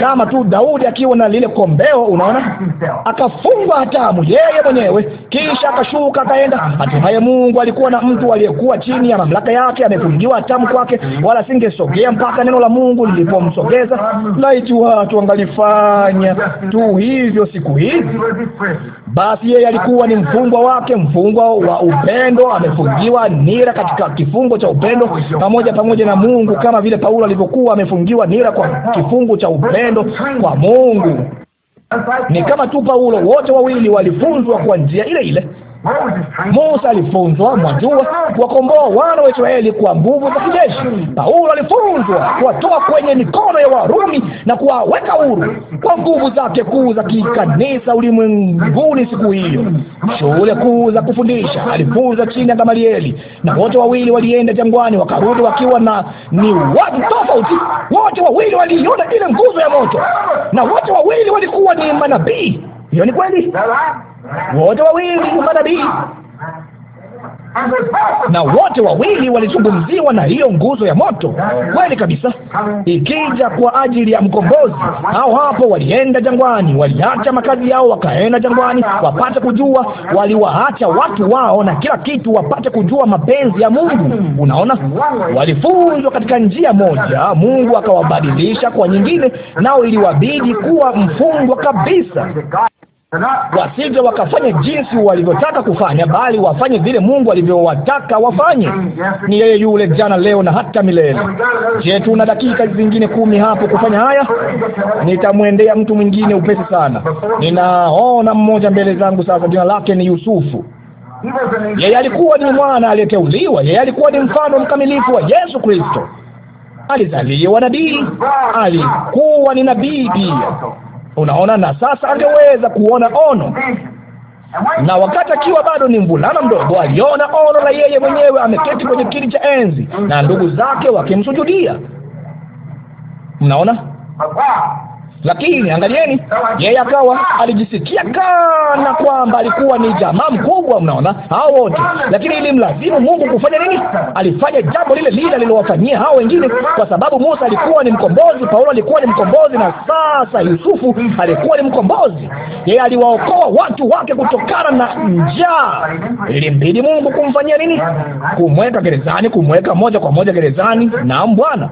kama tu Daudi akiwa na lile kombeo, unaona, akafungwa hatamu yeye mwenyewe, kisha akashuka akaenda. Hatimaye Mungu alikuwa na mtu aliyekuwa chini ya mamlaka yake, amefungiwa hatamu kwake, wala singesogea mpaka neno la Mungu lilipomsogeza. Laiti watu wangalifanya tu hivyo siku hizi! Basi yeye alikuwa ni mfungwa wake, mfungwa wa upendo, amefungiwa nira katika kifungo cha upendo pamoja pamoja na Mungu, kama vile Paulo alivyokuwa amefungiwa nira kwa kifungo cha upendo upendo kwa Mungu. Ni kama tu Paulo, wote wawili walifunzwa kwa njia ile ile. Musa alifunzwa mwajua kuwakomboa wana wa Israeli kwa nguvu za kijeshi. Paulo alifunzwa kuwatoa kwenye mikono ya Warumi na kuwaweka huru kwa nguvu zake kuu za kikanisa ulimwenguni. Siku hiyo shule kuu za kufundisha alifunza chini ya Gamalieli, na wote wawili walienda jangwani, wakarudi wakiwa na ni watu tofauti. Wote wawili waliiona ile nguzo ya moto, na wote wawili walikuwa ni manabii. Hiyo ni kweli wote wawili manabii na wote wawili walizungumziwa na hiyo nguzo ya moto. Kweli kabisa, ikija kwa ajili ya mkombozi. Hao hapo walienda jangwani, waliacha makazi yao wakaenda jangwani, wapate kujua, waliwaacha watu wao na kila kitu, wapate kujua mapenzi ya Mungu. Unaona, walifunzwa katika njia moja, Mungu akawabadilisha kwa nyingine, nao iliwabidi kuwa mfungwa kabisa wasije wakafanya jinsi walivyotaka kufanya, bali wafanye vile Mungu alivyowataka wafanye. Ni yeye yule jana, leo na hata milele. Je, tuna dakika zingine kumi hapo kufanya haya? Nitamwendea mtu mwingine upesi sana. Ninaona mmoja mbele zangu sasa, jina lake ni Yusufu. Yeye alikuwa ni mwana aliyeteuliwa, yeye alikuwa ni mfano mkamilifu wa Yesu Kristo. Alizaliwa nabii, alikuwa ni nabii pia Unaona, na sasa angeweza kuona ono na wakati akiwa bado ni mvulana mdogo aliona ono la yeye mwenyewe ameketi kwenye kiti cha enzi na ndugu zake wakimsujudia. Mnaona? Lakini angalieni, yeye akawa alijisikia kana kwamba alikuwa ni jamaa mkubwa, mnaona hao wote, lakini ili mlazimu Mungu kufanya nini? Alifanya jambo lile lile alilowafanyia hao wengine, kwa sababu Musa alikuwa ni mkombozi, Paulo alikuwa ni mkombozi, na sasa Yusufu alikuwa ni mkombozi. Yeye aliwaokoa watu wake kutokana na njaa. Ilimbidi Mungu kumfanyia nini? Kumweka gerezani, kumweka moja kwa moja gerezani. Naam Bwana.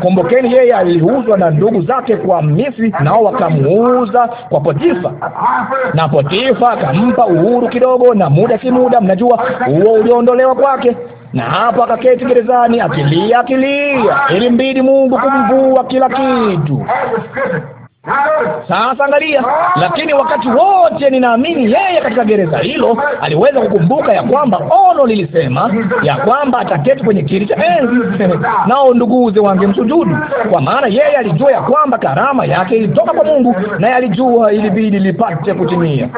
Kumbukeni, yeye aliuzwa na ndugu zake kwa Misri, nao wakamuuza kwa Potifa, na Potifa akampa uhuru kidogo, na muda si muda, mnajua huo uliondolewa kwake na hapo akaketi gerezani akilia, akilia. Ilimbidi Mungu kumvua kila kitu. Sasa angalia, ah! lakini wakati wote ninaamini yeye katika gereza hilo aliweza kukumbuka ya kwamba ono lilisema ya kwamba ataketi kwenye kiti cha enzi nao nduguze wangemsujudu, kwa maana yeye alijua ya kwamba karama yake ilitoka kwa Mungu, naye alijua ilibidi lipate kutimia.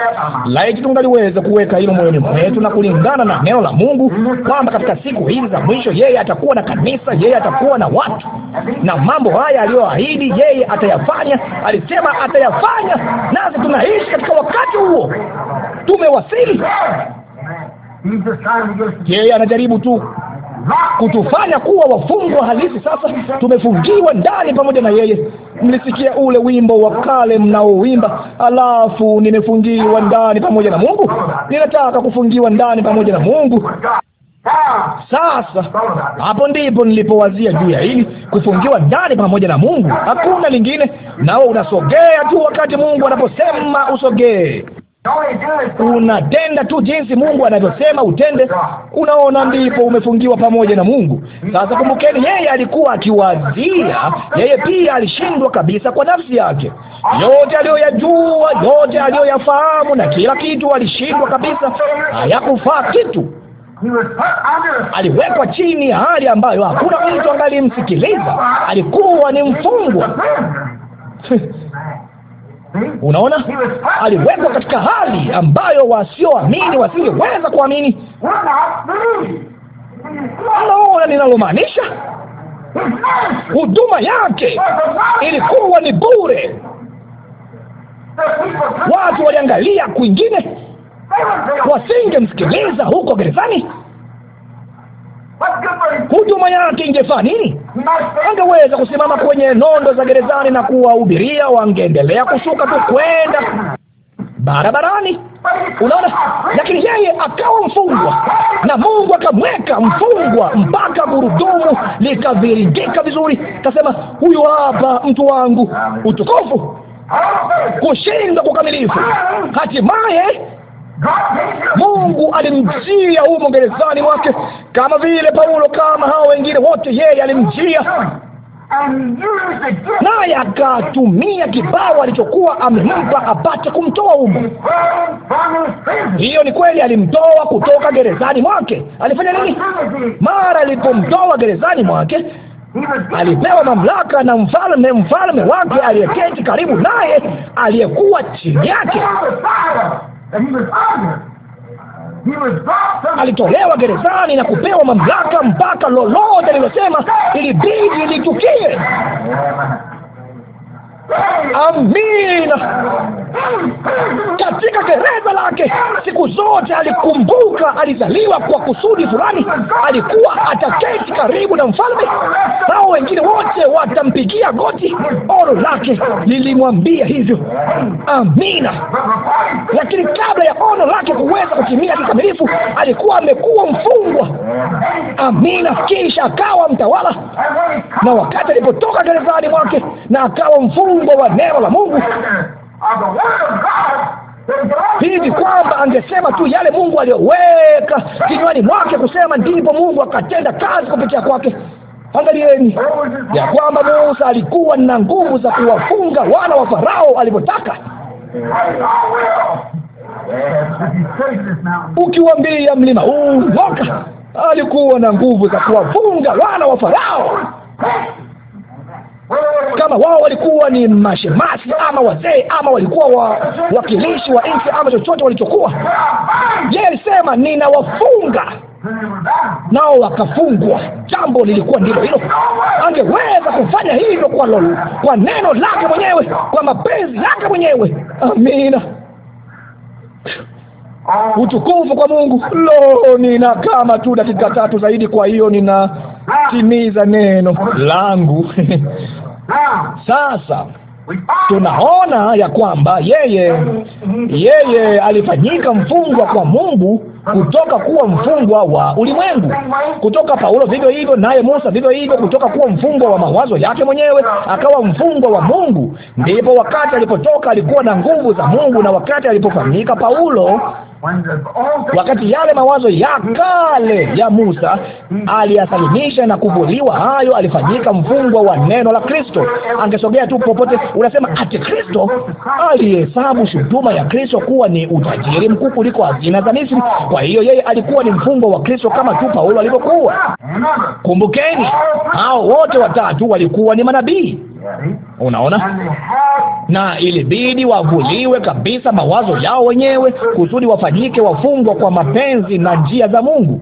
Laiti tungaliweza kuweka hilo moyoni mwetu na kulingana na neno la Mungu kwamba katika siku hizi za mwisho yeye atakuwa na kanisa, yeye atakuwa na watu, na mambo haya aliyoahidi yeye atayafanya alisema atayafanya, nasi tunaishi katika wakati huo. Tumewasili. Yeye anajaribu tu kutufanya kuwa wafungwa halisi. Sasa tumefungiwa ndani pamoja na yeye. Mlisikia ule wimbo wa kale mnaoimba, alafu nimefungiwa ndani pamoja na Mungu. Ninataka kufungiwa ndani pamoja na Mungu. Sasa hapo ndipo nilipowazia juu ya hili kufungiwa ndani pamoja na Mungu, hakuna lingine. nao unasogea tu wakati Mungu anaposema usogee, unatenda tu jinsi Mungu anavyosema utende. Unaona, ndipo umefungiwa pamoja na Mungu. Sasa kumbukeni, yeye alikuwa akiwazia, yeye pia alishindwa kabisa kwa nafsi yake, yote aliyoyajua, yote aliyoyafahamu na kila kitu alishindwa kabisa, hayakufaa kitu aliwekwa chini ya hali ambayo hakuna mtu angalimsikiliza. Alikuwa ni mfungwa Unaona, aliwekwa katika hali ambayo wasioamini wasingeweza kuamini. Unaona ninalomaanisha? Huduma yake ilikuwa ni bure. Watu waliangalia kwingine wasingemsikiliza huko gerezani. Hujuma yake ingefaa nini? Angeweza kusimama kwenye nondo za gerezani na kuwahubiria, wangeendelea kushuka tu kwenda barabarani. Unaona, lakini yeye akawa mfungwa na Mungu akamweka mfungwa mpaka gurudumu likaviringika vizuri. Kasema, huyu hapa mtu wangu. Utukufu kushinda kukamilifu. Hatimaye Mungu alimjia humo gerezani mwake, kama vile Paulo, kama hao wengine wote, yeye alimjia naye akatumia kibao alichokuwa amempa apate kumtoa humo. Hiyo ni kweli, alimtoa kutoka gerezani mwake. Alifanya nini? Mara alipomtoa gerezani mwake, alipewa mamlaka na mfalme, mfalme wake aliyeketi karibu naye, aliyekuwa chini yake alitolewa gerezani na kupewa mamlaka mpaka lolote lilosema ilibidi litukie. Amina. Katika gereza lake siku zote alikumbuka alizaliwa kwa kusudi fulani, alikuwa ataketi karibu na mfalme, nao wengine wote watampigia goti. Oro lake lilimwambia hivyo. Amina. Lakini kabla ya ono lake kuweza kutimia kikamilifu, alikuwa amekuwa mfungwa. Amina. Kisha akawa mtawala, na wakati alipotoka gerezani mwake na akawa mfungwa mfungwa wa neno la Mungu hivi kwamba angesema tu yale Mungu aliyoweka kinywani mwake kusema, ndipo Mungu akatenda kazi kupitia kwake. Angalieni ya kwamba Musa alikuwa na nguvu za kuwafunga wana wa Farao alivyotaka. Ukiwambia mlima huu ng'oka, alikuwa na nguvu za kuwafunga wana wa Farao kama wao walikuwa ni mashemasi ama wazee ama walikuwa wawakilishi wa nchi ama chochote walichokuwa. Yeye alisema ninawafunga, nao wakafungwa. Jambo lilikuwa ndilo hilo. Angeweza kufanya hivyo kwa lolo, kwa neno lake mwenyewe, kwa mapenzi yake mwenyewe. Amina. Utukufu kwa Mungu. Lo, nina kama tu dakika tatu zaidi, kwa hiyo ninatimiza neno langu. Sasa tunaona ya kwamba yeye yeye alifanyika mfungwa kwa Mungu kutoka kuwa mfungwa wa ulimwengu, kutoka Paulo vivyo hivyo, naye Musa vivyo hivyo, kutoka kuwa mfungwa wa mawazo yake mwenyewe akawa mfungwa wa Mungu. Ndipo wakati alipotoka alikuwa na nguvu za Mungu, na wakati alipofanyika Paulo wakati yale mawazo ya kale ya Musa aliyasalimisha na kuvuliwa, hayo alifanyika mfungwa wa neno la Kristo. Angesogea tu popote, unasema ati Kristo alihesabu shutuma ya Kristo kuwa ni utajiri mkuu kuliko hazina za Misri. Kwa hiyo yeye alikuwa ni mfungwa wa Kristo kama tu Paulo alivyokuwa. Kumbukeni, hao wote watatu walikuwa ni manabii. Unaona, na ilibidi wavuliwe kabisa mawazo yao wenyewe kusudi wafanye tufanyike wafungwa kwa mapenzi na njia za Mungu.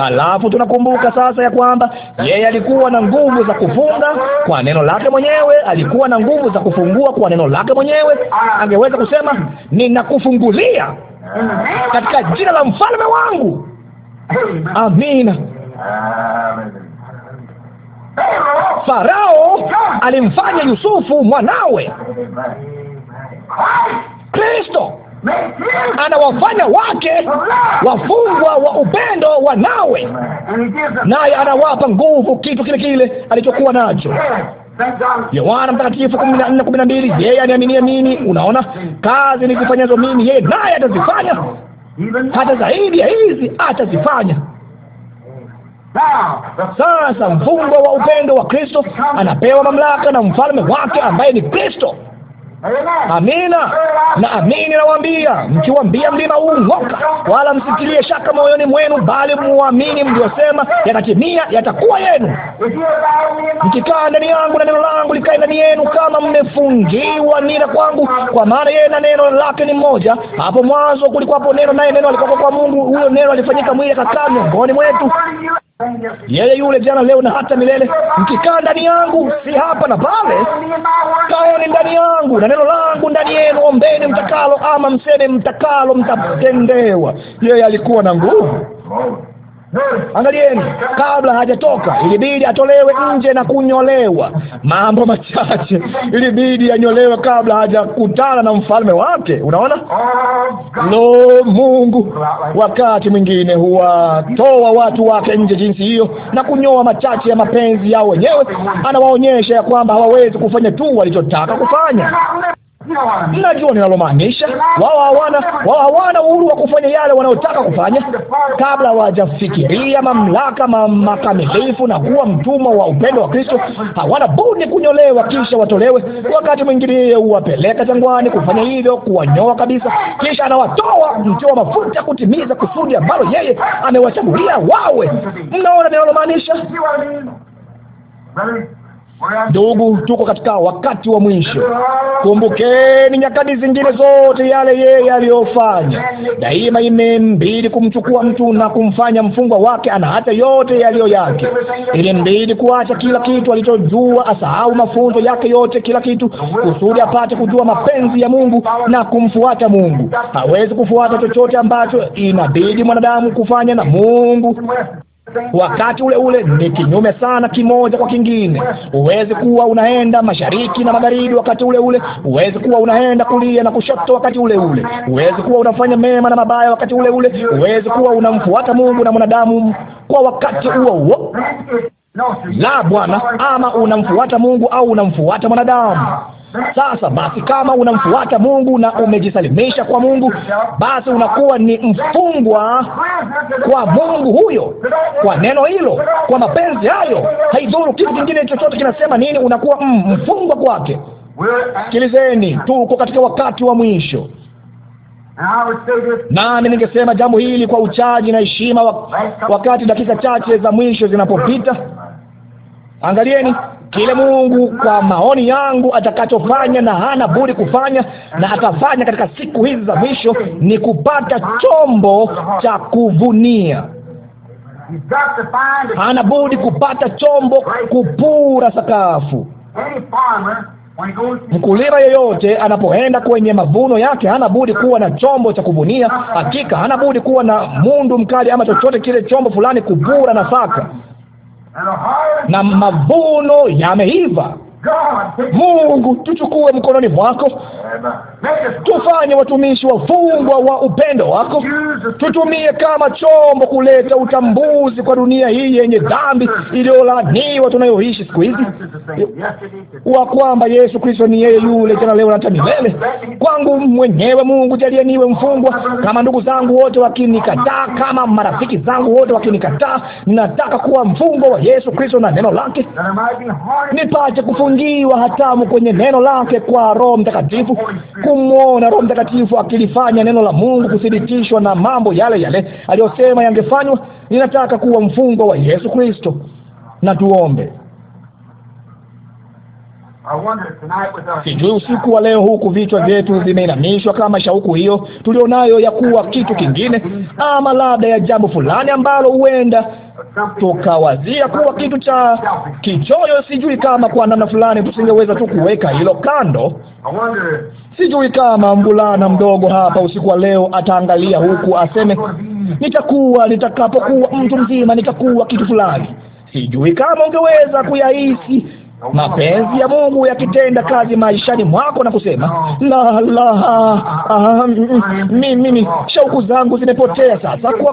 Alafu tunakumbuka sasa ya kwamba yeye alikuwa na nguvu za kufunga kwa neno lake mwenyewe, alikuwa na nguvu za kufungua kwa neno lake mwenyewe. Angeweza kusema ninakufungulia katika jina la mfalme wangu. Amina. Farao alimfanya Yusufu mwanawe Kristo anawafanya wake wafungwa wa upendo wa nawe, naye anawapa nguvu kitu kile kile alichokuwa nacho. Yohana Mtakatifu kumi na nne kumi na mbili yeye aniaminie mimi, unaona kazi nizifanyazo mimi, yeye naye atazifanya hata zaidi ya hizi atazifanya. Sasa mfungwa wa upendo wa Kristo anapewa mamlaka na mfalme wake ambaye ni Kristo. Amina na amini, nawaambia, mkiwaambia mlima huu ng'oka, wala msitilie shaka moyoni mwenu, bali muamini mliosema, yatatimia, yatakuwa yenu. Mkikaa ndani yangu na neno langu likae ndani yenu, kama mmefungiwa nira kwangu, kwa maana yeye na neno lake ni moja. Hapo mwanzo kulikuwa hapo neno, naye neno alikuwa kwa Mungu, huyo neno alifanyika mwili akakaa miongoni mwetu yeye yule jana, leo na hata milele. Mkikaa ndani yangu, si hapa na pale, kaeni ndani yangu na neno langu ndani yenu, ombeni mtakalo, ama mseme mtakalo, mtatendewa. Yeye alikuwa na nguvu Angalieni, kabla hajatoka ilibidi atolewe nje na kunyolewa. Mambo machache ilibidi anyolewe kabla hajakutana na mfalme wake. Unaona, lo, Mungu wakati mwingine huwatoa watu wake nje jinsi hiyo na kunyoa machache ya mapenzi yao wenyewe. Anawaonyesha ya kwamba hawawezi kufanya tu walichotaka kufanya. Mnajua ninalomaanisha. Wao hawana wao hawana uhuru wa kufanya yale wanayotaka kufanya kabla hawajafikiria mamlaka ma, makamilifu na kuwa mtumwa wa upendo wa Kristo. Hawana budi kunyolewa, kisha watolewe. Wakati mwingine yeye huwapeleka jangwani kufanya hivyo, kuwanyoa kabisa, kisha anawatoa mtio wa mafuta kutimiza kusudi ambalo yeye amewachagulia wawe. Mnaona ninalomaanisha? Ndugu, tuko katika wakati wa mwisho. Kumbukeni nyakati zingine zote, yale yeye aliyofanya. Daima imembidi kumchukua mtu na kumfanya mfungwa wake, anaacha yote yaliyo yake. Ilimbidi kuacha kila kitu alichojua, asahau mafunzo yake yote, kila kitu, kusudi apate kujua mapenzi ya Mungu na kumfuata Mungu. Hawezi kufuata chochote ambacho inabidi mwanadamu kufanya na Mungu wakati ule ule ni kinyume sana, kimoja kwa kingine. Huwezi kuwa unaenda mashariki na magharibi wakati ule ule, huwezi kuwa unaenda kulia na kushoto wakati ule ule, huwezi kuwa unafanya mema na mabaya wakati ule ule, huwezi kuwa unamfuata Mungu na mwanadamu kwa wakati huo huo. La, Bwana, ama unamfuata Mungu au unamfuata mwanadamu. Sasa basi, kama unamfuata Mungu na umejisalimisha kwa Mungu, basi unakuwa ni mfungwa kwa Mungu huyo, kwa neno hilo, kwa mapenzi hayo. Haidhuru kitu kingine chochote kinasema nini, unakuwa mm, mfungwa kwake. Sikilizeni, tuko katika wakati wa mwisho nami ningesema jambo hili kwa uchaji na heshima, wakati dakika chache za mwisho zinapopita. Angalieni, kile Mungu kwa maoni yangu atakachofanya na hana budi kufanya na atafanya katika siku hizi za mwisho ni kupata chombo cha kuvunia. Hana budi kupata chombo kupura sakafu. Mkulima yeyote anapoenda kwenye mavuno yake hana budi kuwa na chombo cha kuvunia. Hakika hana budi kuwa na mundu mkali ama chochote kile, chombo fulani kupura nafaka na mavuno yameiva. Mungu, tuchukue mkononi mwako. Tufanye watumishi wafungwa wa upendo wako, tutumie kama chombo kuleta utambuzi kwa dunia hii yenye dhambi iliyolaniwa tunayoishi siku hizi, wa kwamba Yesu Kristo ni yeye yule jana, leo na hata milele. Kwangu mwenyewe, Mungu jalia niwe mfungwa, kama ndugu zangu wote wakinikataa, kama marafiki zangu wote wakinikataa, ninataka kuwa mfungwa wa Yesu Kristo na neno lake, nipate kufungiwa hatamu kwenye neno lake kwa Roho Mtakatifu kumwona Roho Mtakatifu akilifanya neno la Mungu kuthibitishwa na mambo yale yale aliyosema yangefanywa. Ninataka kuwa mfungwa wa Yesu Kristo. Na tuombe. Sijui usiku wa leo huku vichwa vyetu vimeinamishwa, kama shauku hiyo tulionayo ya kuwa kitu kingine, ama labda ya jambo fulani ambalo huenda tukawazia kuwa kitu cha kichoyo. Sijui kama kwa namna fulani tusingeweza tu kuweka hilo kando. Sijui kama mvulana mdogo hapa usiku wa leo ataangalia huku aseme, nitakuwa nitakapokuwa mtu mzima nitakuwa kitu fulani. Sijui kama ungeweza kuyahisi mapenzi ya Mungu yakitenda kazi maishani mwako na kusema la la, ah, mimi mm, mimi, shauku zangu zimepotea sasa. Kwa,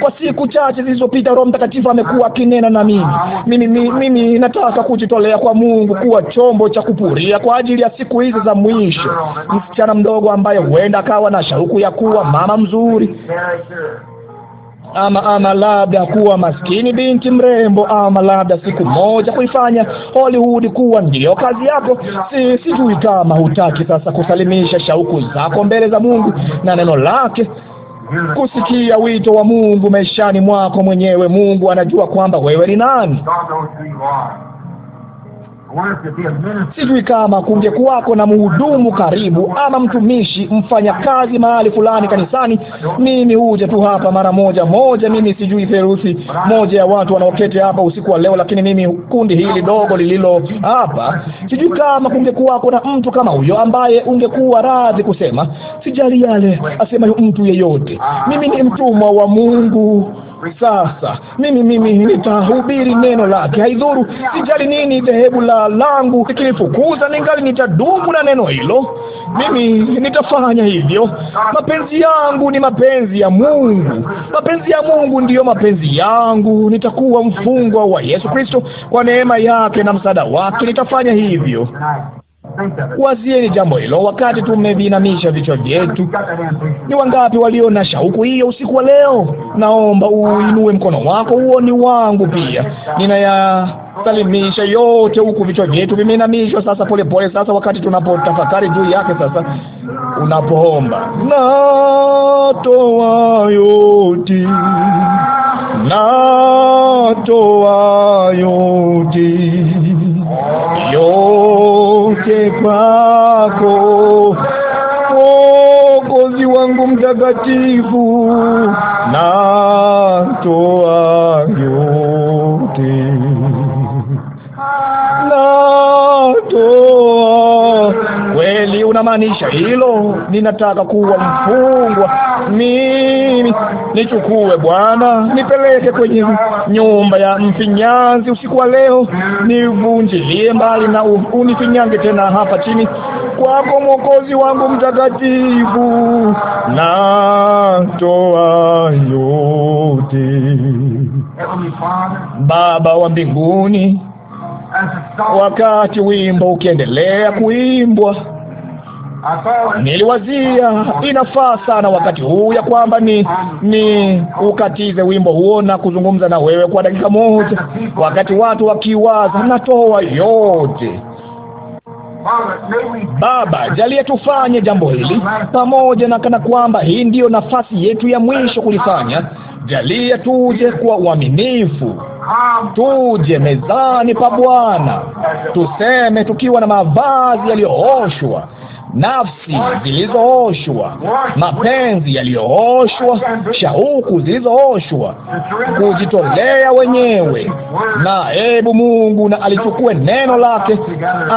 kwa siku chache zilizopita Roho Mtakatifu amekuwa akinena na mimi. Mimi, mimi mimi nataka kujitolea kwa Mungu kuwa chombo cha kupuria kwa ajili ya siku hizi za mwisho, msichana mdogo ambaye huenda akawa na shauku ya kuwa mama mzuri ama ama labda kuwa maskini binti mrembo, ama labda siku moja kuifanya Hollywood kuwa ndiyo kazi yako. Si sijui kama hutaki sasa kusalimisha shauku zako mbele za Mungu na neno lake kusikia wito wa Mungu maishani mwako mwenyewe. Mungu anajua kwamba wewe ni nani. Sijui kama kungekuwako na mhudumu karibu ama mtumishi mfanyakazi mahali fulani kanisani. Mimi huja tu hapa mara moja moja. Mimi sijui theruthi moja ya watu wanaoketi hapa usiku wa leo, lakini mimi kundi hili dogo lililo hapa, sijui kama kungekuwako na mtu kama huyo ambaye ungekuwa radhi kusema, sijali yale asema mtu yeyote, mimi ni mtumwa wa Mungu. Sasa mimi mimi nitahubiri neno lake, haidhuru sijali nini dhehebu la langu ikinifukuza, ningali nitadumu na neno hilo. Mimi nitafanya hivyo. Mapenzi yangu ni mapenzi ya Mungu, mapenzi ya Mungu ndiyo mapenzi yangu. Nitakuwa mfungwa wa Yesu Kristo kwa neema yake na msaada wake, nitafanya hivyo. Wazieni jambo hilo wakati tumevinamisha vichwa vyetu. Ni wangapi walio na shauku hiyo usiku wa leo? Naomba uinue mkono wako, huo ni wangu pia. Ninayasalimisha yote huku, vichwa vyetu vimeinamishwa sasa, polepole pole. Sasa wakati tunapotafakari juu yake, sasa unapoomba, natoa yote, natoa yote, yote yote kwako Mwokozi wangu mtakatifu, natoa yote na Namaanisha hilo, ninataka kuwa mfungwa mimi. Nichukue Bwana, nipeleke kwenye nyumba ya mfinyanzi usiku wa leo, nivunjilie mbali na unifinyange tena hapa chini kwako, Mwokozi wangu mtakatifu, toa yote. Baba wa mbinguni, wakati wimbo ukiendelea kuimbwa Niliwazia inafaa sana wakati huu ya kwamba ni ni ukatize wimbo huo na kuzungumza na wewe kwa dakika moja, wakati watu wakiwaza, natoa yote Baba, jalia tufanye jambo hili pamoja, na kana kwamba hii ndiyo nafasi yetu ya mwisho kulifanya. Jalia tuje kwa uaminifu, tuje mezani pa Bwana, tuseme tukiwa na mavazi yaliyooshwa, nafsi zilizooshwa, mapenzi yaliyooshwa, shauku zilizooshwa, kujitolea wenyewe. Na hebu Mungu na alichukue neno lake,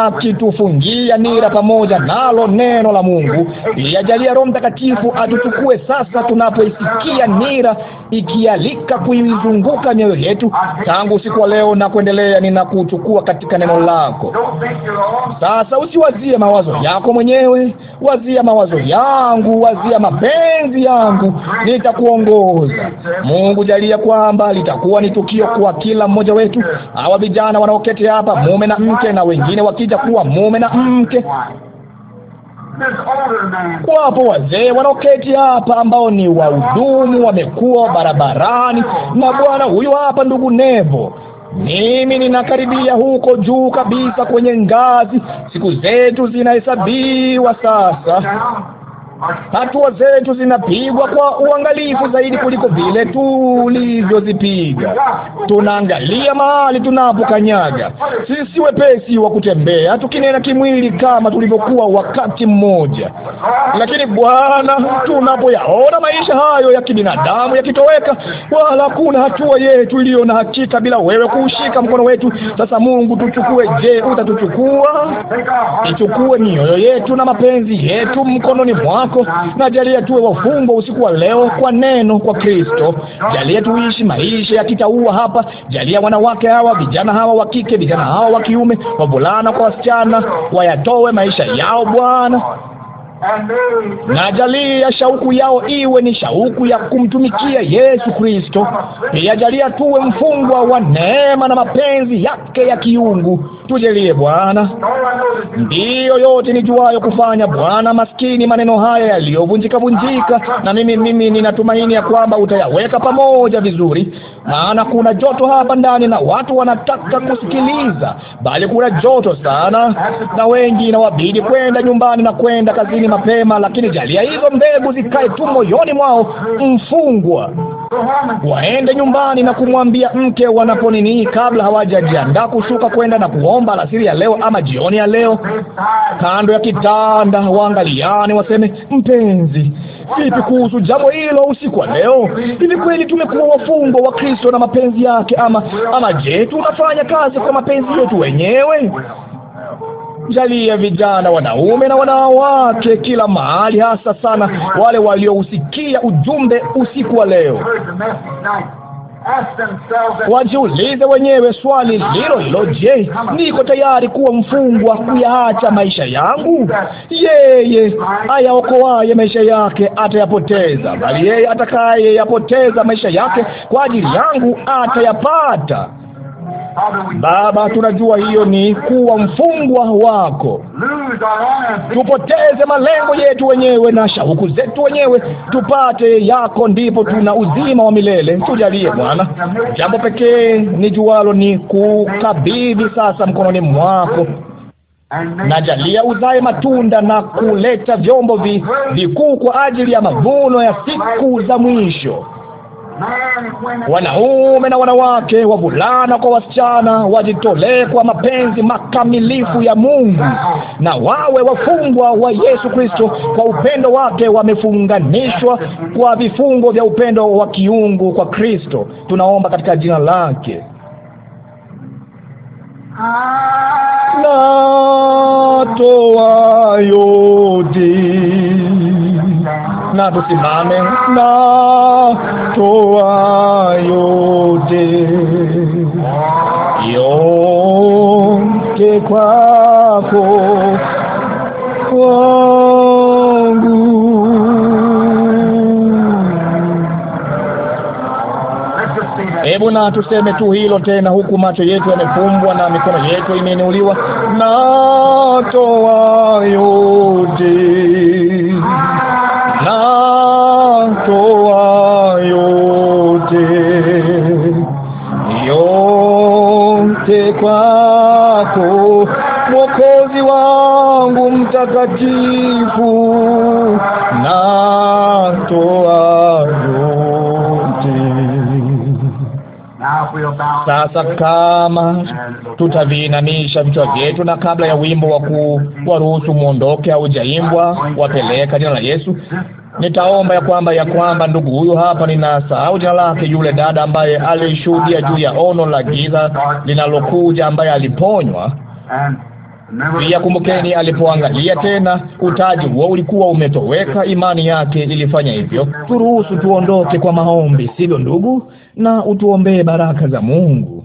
akitufungia nira pamoja nalo neno la Mungu, ili ajalie Roho Mtakatifu atuchukue sasa, tunapoisikia nira ikialika kuizunguka mioyo yetu tangu usiku wa leo na kuendelea. Ninakuchukua katika neno lako sasa. Usiwazie mawazo yako mwenyewe, wazia mawazo yangu, wazia mapenzi yangu, nitakuongoza. Mungu, jalia kwamba litakuwa ni tukio kwa kila mmoja wetu, hawa vijana wanaoketi hapa, mume na mke, na wengine wakija kuwa mume na mke Wapo wazee wanaoketi hapa ambao ni wahudumu, wamekuwa barabarani na bwana huyu hapa, ndugu Nevo. Mimi ninakaribia huko juu kabisa kwenye ngazi. Siku zetu zinahesabiwa sasa. Hatua zetu zinapigwa kwa uangalifu zaidi kuliko vile tulivyozipiga. Tunaangalia mahali tunapokanyaga. Sisi wepesi wa kutembea, tukinena kimwili kama tulivyokuwa wakati mmoja. Lakini Bwana, tunapoyaona maisha hayo ya kibinadamu yakitoweka, wala hakuna hatua yetu iliyo na hakika bila wewe kuushika mkono wetu. Sasa Mungu, tuchukue. Je, utatuchukua? Ichukue mioyo yetu na mapenzi yetu mkononi mwako yako, na jalia tuwe wafungwa usiku wa leo kwa neno, kwa Kristo. Jalia tuishi maisha ya kitaua hapa. Jalia wanawake hawa, vijana hawa wa kike, vijana hawa wa kiume, wavulana kwa wasichana, wayatoe maisha yao Bwana na jalia shauku yao iwe ni shauku ya kumtumikia Yesu Kristo. Yajalia tuwe mfungwa wa neema na mapenzi yake ya kiungu. Tujalie Bwana. Ndiyo yote ni juayo kufanya, Bwana. Maskini maneno haya yaliyovunjika vunjika, na mimi mimi ninatumaini ya kwamba utayaweka pamoja vizuri maana kuna joto hapa ndani na watu wanataka kusikiliza, bali kuna joto sana, na wengi inawabidi kwenda nyumbani na kwenda kazini mapema. Lakini jalia hizo mbegu zikae tu moyoni mwao, mfungwa waende nyumbani na kumwambia mke wanaponini, kabla hawajajiandaa kushuka kwenda na kuomba alasiri ya leo ama jioni ya leo, kando ya kitanda waangaliani, waseme mpenzi vipi kuhusu jambo hilo usiku wa leo? Hivi kweli tumekuwa wafungwa wa Kristo na mapenzi yake, ama ama je, tunafanya kazi kwa mapenzi yetu wenyewe? Jalia vijana wanaume na wanawake kila mahali, hasa sana wale waliohusikia ujumbe usiku wa leo wajiulize wenyewe swali hilo hilo. Je, niko tayari kuwa mfungwa kuyaacha maisha yangu? Yeye ayaokoaye maisha yake atayapoteza, bali yeye atakayeyapoteza maisha yake kwa ajili yangu atayapata. Baba, tunajua hiyo ni kuwa mfungwa wako. Tupoteze malengo yetu wenyewe na shauku zetu wenyewe, tupate yako, ndipo tuna uzima wa milele. Tujalie Bwana, jambo pekee ni jualo ni kukabidhi sasa mkononi mwako najalia uzae matunda na kuleta vyombo vikuu vi kwa ajili ya mavuno ya siku za mwisho wanaume na wanawake, wavulana kwa wasichana, wajitolee kwa mapenzi makamilifu ya Mungu na wawe wafungwa wa Yesu Kristo. Kwa upendo wake wamefunganishwa kwa vifungo vya upendo wa kiungu kwa Kristo. Tunaomba katika jina lake. Natoa yote na tusimame na toa yote yote kwako kwangu. Hebu na tuseme tu hilo tena, huku macho yetu yamefumbwa na mikono yetu imeinuliwa, na toa yote natoa yote yote kwako Mwokozi wangu mtakatifu natoa Sasa kama tutaviinamisha vichwa vyetu, na kabla ya wimbo wa kuwaruhusu mwondoke haujaimbwa, wapeleka jina la Yesu, nitaomba ya kwamba ya kwamba ndugu huyu hapa, ninasahau jina lake, yule dada ambaye alishuhudia juu ya ono la giza linalokuja, ambaye aliponywa pia kumbukeni, alipoangalia tena utaji huo ulikuwa umetoweka, imani yake ilifanya hivyo. Turuhusu tuondoke kwa maombi, sivyo ndugu, na utuombee baraka za Mungu.